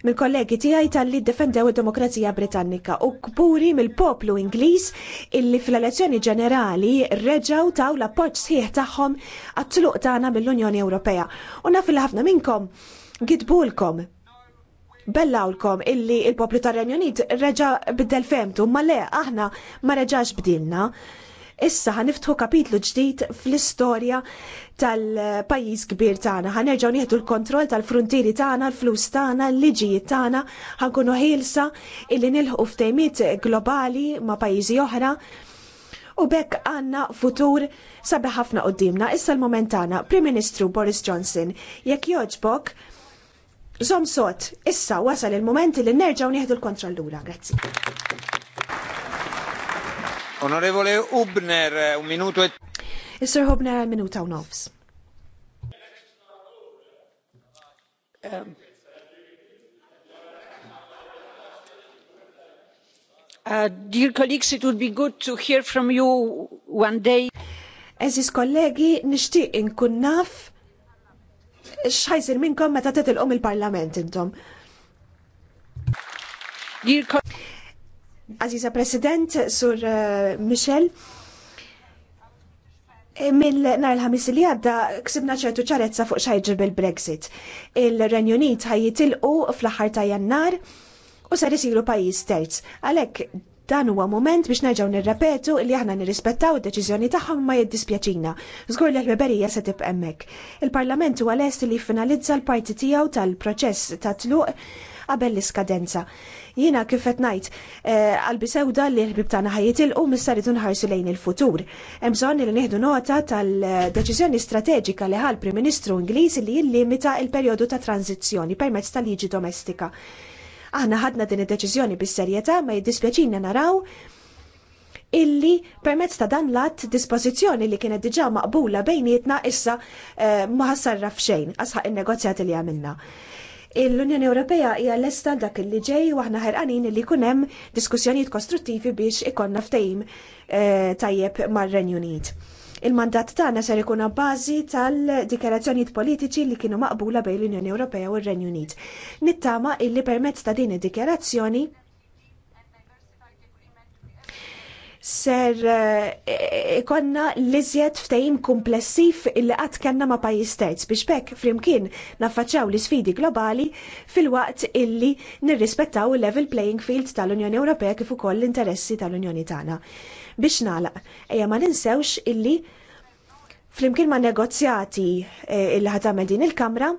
mill-kollegi tiegħi tal-li defendew id-demokrazija Britannika u kburi mill-poplu Ingliż illi fl-elezzjoni ġenerali reġgħu taw l-appoġġ sħiħ tagħhom għat-tluq tagħna mill-Unjoni Ewropea. U naf ħafna minnkom gidbulkom bellawlkom illi il-poplu tar-Renju Unit reġa' biddel femtu, ma le aħna ma reġax bdilna. Issa ħaniftħu kapitlu ġdid fl-istorja tal-pajjiż kbir tagħna. Ħanerġgħu nieħdu l-kontroll tal-fruntieri tagħna, l-flus tagħna, l-liġijiet tagħna, ħankunu ħielsa illi nilħu ftejmiet globali ma' pajjiżi oħra. U bekk għanna futur sabi ħafna qoddimna. Issa l-moment tagħna, Prim Ministru Boris Johnson, jekk joġbok, Zom sot, issa wasal il-moment li nerġaw nieħdu l-kontrollura. Grazzi. Onorevole Hubner, un minuto e... Hubner, nofs. Um, uh, dear colleagues, it would be good to hear from you one day. Eżis kollegi, nishtiq inkun naf xħajsir minnkom meta titilqom il-parlament intom. Aziza President, Sur eh, Michel, eh, Mill-nar il ħamis li għadda ksibna ċertu ċarezza fuq xajġir bil-Brexit. Il-Renju Unit ħajitilqu fl-aħħar ta' jannar u ser isiru pajjiż terz. Għalhekk dan huwa moment biex nerġgħu nirrepetu li aħna nirrispettaw id-deċiżjoni tagħhom ma jiddispjaċina. Żgur li l-ħbeberija se tibqa' hemmhekk. Il-Parlament huwa lest li finalizza l-parti tiegħu tal-proċess ta' tluq qabel l-iskadenza. Jiena kif qed ngħid eh, qalbi sewda li l-ħbib tagħna ħajitilqu missa rridu nħarsu lejn il-futur. Hemm bżonn li nieħdu nota tal-deċiżjoni strateġika li ħal Prim Ministru Ingliż li jillimita il-perjodu ta' tranzizzjoni permezz tal-liġi domestika. Aħna ħadna din id-deċiżjoni bis-serjetà ma jiddispjaċina naraw illi permezz ta' dan l-att dispożizzjoni li kienet diġà maqbula bejnietna issa eh, ma ħassarraf xejn asħaq in-negozjat li għamilna l-Unjoni Ewropea hija lesta dak li ġej u aħna ħerqanin li jkun hemm diskussjonijiet kostruttivi biex ikonna ftehim eh, tajjeb mar-Renju Unit. Il-mandat tagħna ser ikun bażi tal-dikjarazzjonijiet politiċi li kienu maqbula bejn l-Unjoni Ewropea u r-Renju Unit. Nittama illi permezz ta' din id-dikjarazzjoni ser eh, eh, ikonna liżjed ftehim komplessiv illi qatt kellna ma' pajjiż terz biex bekk flimkien naffaċċaw l-isfidi globali fil-waqt illi nirrispettaw il-level playing field tal-Unjoni Ewropea kif ukoll l-interessi tal-Unjoni tagħna. Biex nagħlaq, ejja ma ninsewx illi flimkien ma' negozjati eh, illi ħatamel din il-Kamra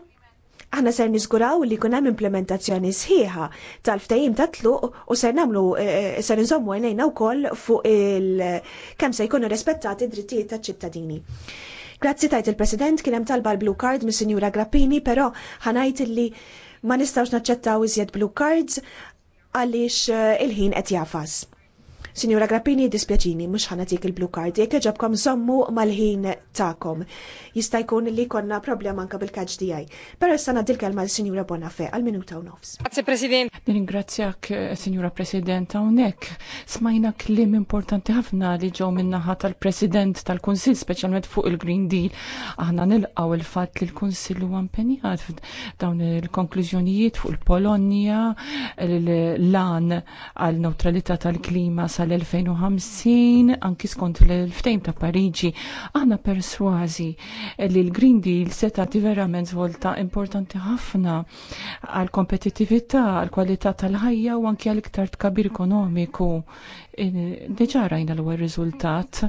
Aħna ser niżguraw li jkun hemm implementazzjoni sħiħa tal-ftehim ta' tluq u ser nagħmlu eh, eh, ser nżommu għajnejna wkoll fuq il kemm se jkunu rispettati d-drittijiet tal-ċittadini. Grazzi tajt il-President kien hemm talba l-Blue Card mis-Sinjura Grappini, però ħanajt li ma nistgħux naċċettaw iżjed Blue Cards għaliex eh, il-ħin qed jafas. Signora Grappini, dispjaċini, mux dik il-blue card, jek ġabkom zommu mal-ħin ta'kom. Jista' jkun li konna problema anka bil-kaġ DI. Pero issa dil kelma l-Sinjura Bonafè għal-minuta u nofs. Grazie, President. Ningrazzjak, eh, Signora President, għonek. Smajna klim importanti ħafna li ġew minnaħa tal-President tal-Kunsil, specialment fuq il-Green Deal. Aħna nil-għaw il-fat li l-Kunsil huwa impenjat dawn il-konklużjonijiet fuq il-Polonja, l-lan għal neutralita tal-klima tal-2050 anki skont l-ftejm ta' Pariġi. Aħna perswazi li l-Green Deal seta di verament volta importanti ħafna għal kompetitività għal kwalità tal-ħajja u anki għal iktar tkabir ekonomiku. E, deġa rajna l-ewwel riżultat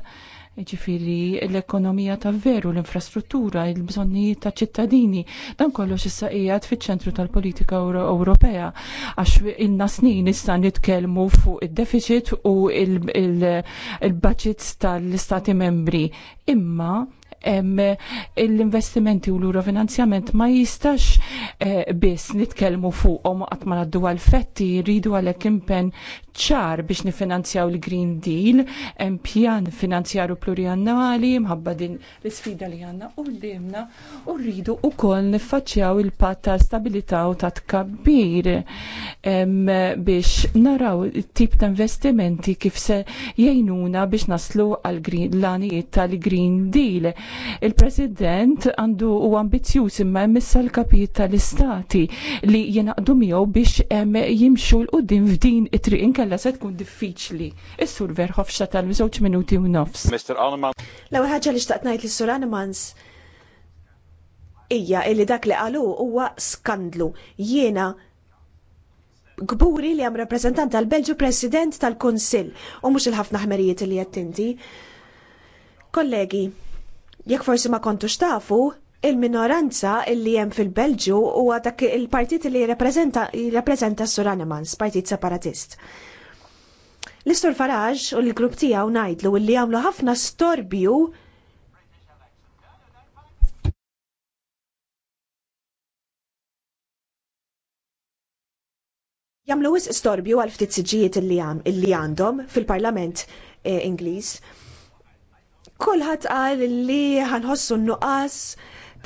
ġifiri l-ekonomija ta' veru, l-infrastruttura, il bżonnijiet ta' ċittadini, dan kollox issa qiegħed fiċ-ċentru tal-politika Ewropea għax ilna snin issa nitkellmu fuq id-deficit u il-budgets tal-istati membri. Imma l-investimenti u l finanzjament ma jistax eh, biss nitkellmu fuqhom qatt ma għaddu għal-fetti, rridu għalhekk impenn ċar biex nifinanzjaw il-Green Deal, hemm pjan finanzjaru pluriannali mħabba din l-isfida li għandna u l-demna, u rridu wkoll niffaċċjaw il-patt ta' stabilità u ta' tkabbir biex naraw it-tip ta' investimenti kif se jgħinuna biex naslu għal l-għanijiet tal-Green Deal. Il-President għandu u ambizjuż imma jmissa l-kapijiet tal-istati li jenaqdu miegħu biex jimxu l-qudiem f'din it-triq inkella se tkun diffiċli. Is-sur Verhofxa tal-żewġ minuti u nofs. Mr. Alman. L-ewwel ħaġa li xtaqt ngħid lis-sur Almans hija illi dak li qalu huwa skandlu. Jiena gburi li hemm rappreżentant tal-Belġu President tal-Kunsill u mhux il-ħafna ħmerijiet li qed Kollegi, jekk forsi ma kontux tafu, il-minoranza illi hemm fil-Belġu huwa dak il-partit li jirrappreżenta s-Sur partit separatist. L-istor Faraġ u l-grupp tijaw najdlu li għamlu ħafna storbju jamlu wis storbju għal ftit siġijiet li għandhom fil-parlament eh, Ingliż. Kulħadd qal li ħanħossu n-nuqqas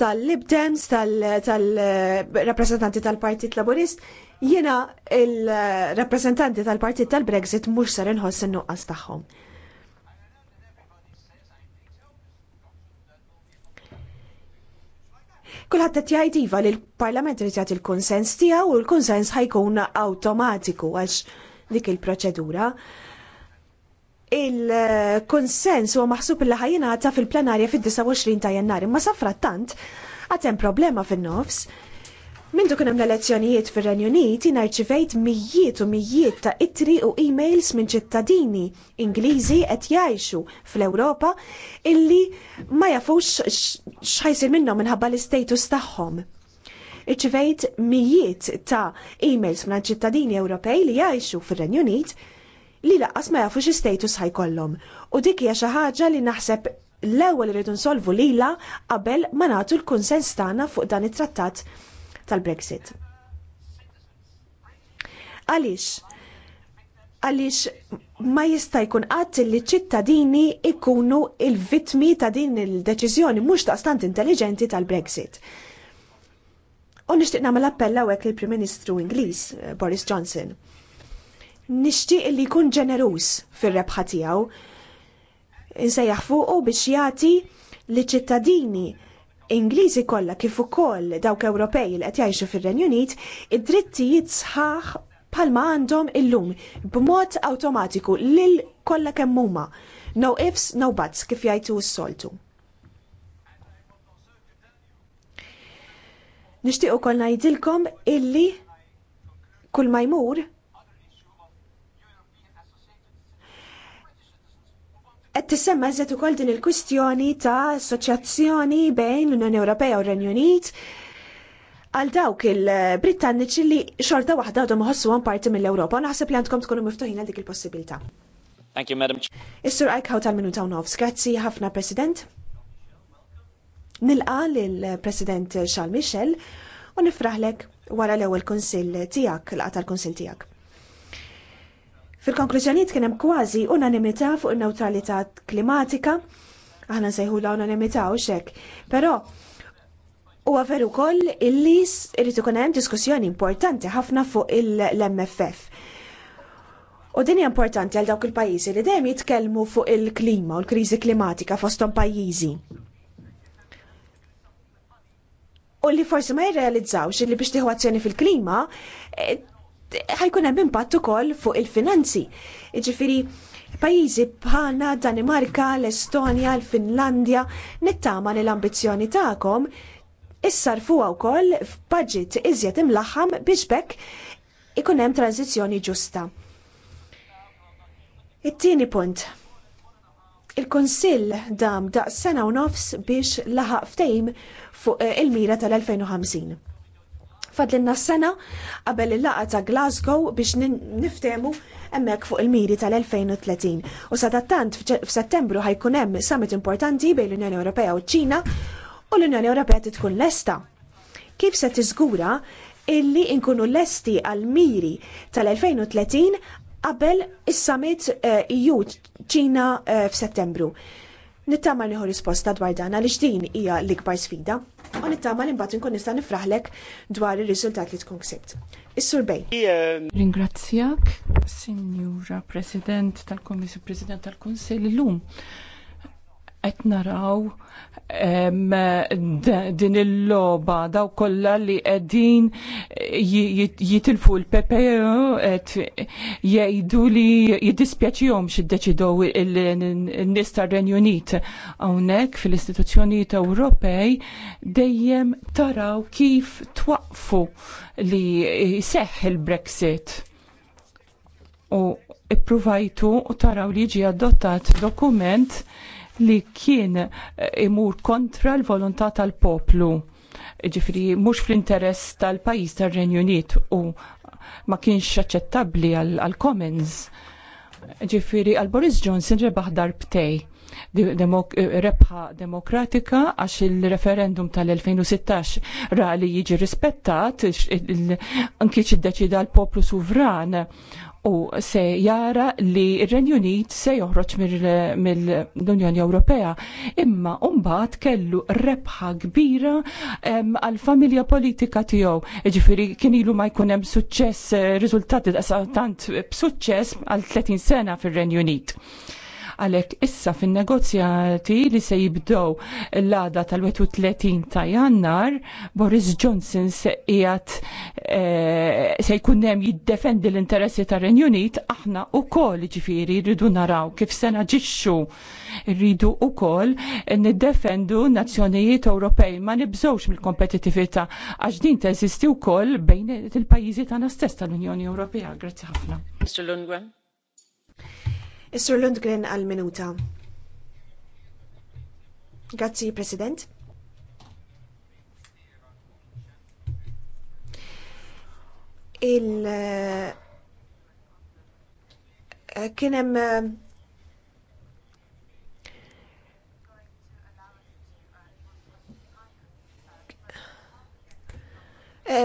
tal-libdems, tal-rappresentanti eh, tal-Partit Laburist, Jiena il-rappresentanti tal-partit tal-Brexit mhux ser inħoss in-nuqqas tagħhom. Kulħadd qed jgħid iva li l-Parlament irid jagħti l-kunsens tiegħu u l-kunsens ħajkun awtomatiku għax dik il-proċedura. Il-kunsens huwa maħsub li ta' fil-plenarja fid-29 ta' Jannar, imma safra tant għad hemm problema fin-nofs Mindu kunem l-elezzjonijiet fir renju Unit jina rċivejt mijiet u mijiet ta' ittri u e-mails minn ċittadini Ingliżi qed jgħixu fl-Ewropa illi ma jafux x'ħajsir minnhom minħabba l-istatus tagħhom. Irċivejt mijiet ta' e-mails minn ċittadini Ewropej li jgħixu fir renju Unit li laqqas ma jafux istatus ħajkollhom u dik hija xi ħaġa li naħseb l-ewwel irridu nsolvu lila qabel ma nagħtu l-kunsens tagħna fuq dan it-trattat tal-Brexit. Għaliex? Għaliex ma jista' jkun qatt li ċittadini ikunu il-vitmi ta' din il-deċiżjoni mhux daqstant intelligenti tal-Brexit. U nixtieq nagħmel appell hawnhekk lill-Prim Ministru Ingliż eh, Boris Johnson. Nixtieq li jkun ġeneruż fir-rebħa tiegħu insejjaħ fuqu biex jagħti li ċittadini Ingliżi kollha kif ukoll dawk Ewropej li qed jgħixu fir-Renju Unit id-drittijiet sħaħ palma għandhom illum b'mod awtomatiku lil kollha kemm huma. No ifs, no buts kif jgħidu s-soltu. Nixtieq ukoll ngħidilkom illi kull ma jmur Qed tisemma eżet ukoll din il-kwistjoni ta' assoċjazzjoni bejn l-Unjoni Ewropea u r-Renju Unit għal dawk il-Britanniċi li xorta waħda għadhom għan parti mill-Ewropa. Naħseb li għandkom tkunu miftuħin għal dik il-possibilità. Thank you, Madam Is-Sur Eichhout tal-Minuta Nofs. Grazzi ħafna, President. Nilqa lill-President Charles Michel u nifraħlek wara l-ewwel konsill tiegħek, laqgħa tal konsil tiegħek. Fil-konklużjonijiet kien hemm kważi unanimità fuq in-newtralità klimatika, aħna nsejħu la unanimità u xek, però U għaveru koll illi irrit ikun hemm diskussjoni importanti ħafna fuq il-MFF. U din hija importanti għal dawk il-pajjiżi li dejjem jitkellmu fuq il-klima u l-kriżi klimatika fosthom pajjiżi. U li forsi ma jirrealizzawx li biex tieħu azzjoni fil-klima eh, ħajkun hemm impatt ukoll fuq il-finanzi. Jiġifieri pajjiżi bħalna Danimarka, l-Estonja, l-Finlandja nittama li l-ambizzjoni tagħkom issar fuqa wkoll f'budget iżjed imlaħħam biex bekk ikun hemm tranzizzjoni ġusta. It-tieni punt. Il-Konsill dam daqs sena u nofs biex laħaq ftejm fuq il-mira tal-2050 Fadlinna s-sena qabel il-laqa ta' Glasgow biex niftemu emmek fuq il-miri tal-2030. U sadattant f'Settembru ħajkun hemm summit importanti bejn l-Unjoni Ewropea u ċ-Ċina u l-Unjoni Ewropea titkun lesta. Kif se tiżgura illi inkunu lesti għal-miri tal-2030 qabel is-summit EU eh, e ċina eh, f'Settembru. Nittama nieħu risposta dwar dan għaliex din hija l-ikbar sfida u nittama li mbagħad inkun nista' nifraħlek dwar ir-riżultat li tkun ksibt. Is-Sur Bej. Ringrazzjak, Sinjura President tal-Komissju President tal-Kunsill illum qed naraw din il-loba daw kollha li qegħdin jitilfu l-PPO qed jgħidu li jiddispjaċihom x'iddeċidew in-nies tar-Renju Unit hawnhekk fil-istituzzjonijiet Ewropej dejjem taraw kif twaqfu li seħħ il-Brexit u ippruvajtu taraw li ġi adottat dokument li kien eh, imur kontra l-volontà tal-poplu. Ġifri, mhux fl-interess tal pajjiż tar renju Unit u ma kienx aċċettabbli għal-Commons. Ġifiri, għal-Boris Johnson rebaħ darbtej demok eh, rebħa demokratika għax il-referendum tal-2016 ra li jiġi rispettat anki ċiddeċida l-poplu suvran u se jara li r-Renju Unit se joħroġ mill-Unjoni mil Ewropea. Imma mbagħad kellu rebħa kbira għal-familja politika tiegħu. Ġifieri kien ilu ma jkun hemm suċċess, eh, riżultati tant b'suċċess għal 30 sena fir-Renju Unit. Għalek issa fin negozjati li se jibdow l-għada tal-31 ta' jannar, Boris Johnson se jgħat e, se hemm jiddefendi l-interessi tar-Renju Unit, aħna u kol ġifiri rridu naraw kif se naġixxu rridu u kol niddefendu nazzjonijiet Ewropej ma nibżawx mill kompetitività għax din teżisti u kol bejn il pajjiżi tagħna stess tal-Unjoni Ewropea. Grazzi ħafna. Mr. Lundgren. Is-Sur Lundgren għal minuta. Grazzi, President. Il eh, kienem eh,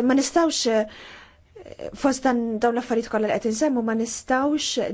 ma nistawx eh, fostan dawn l-affarijiet kollha li qed ma nistawx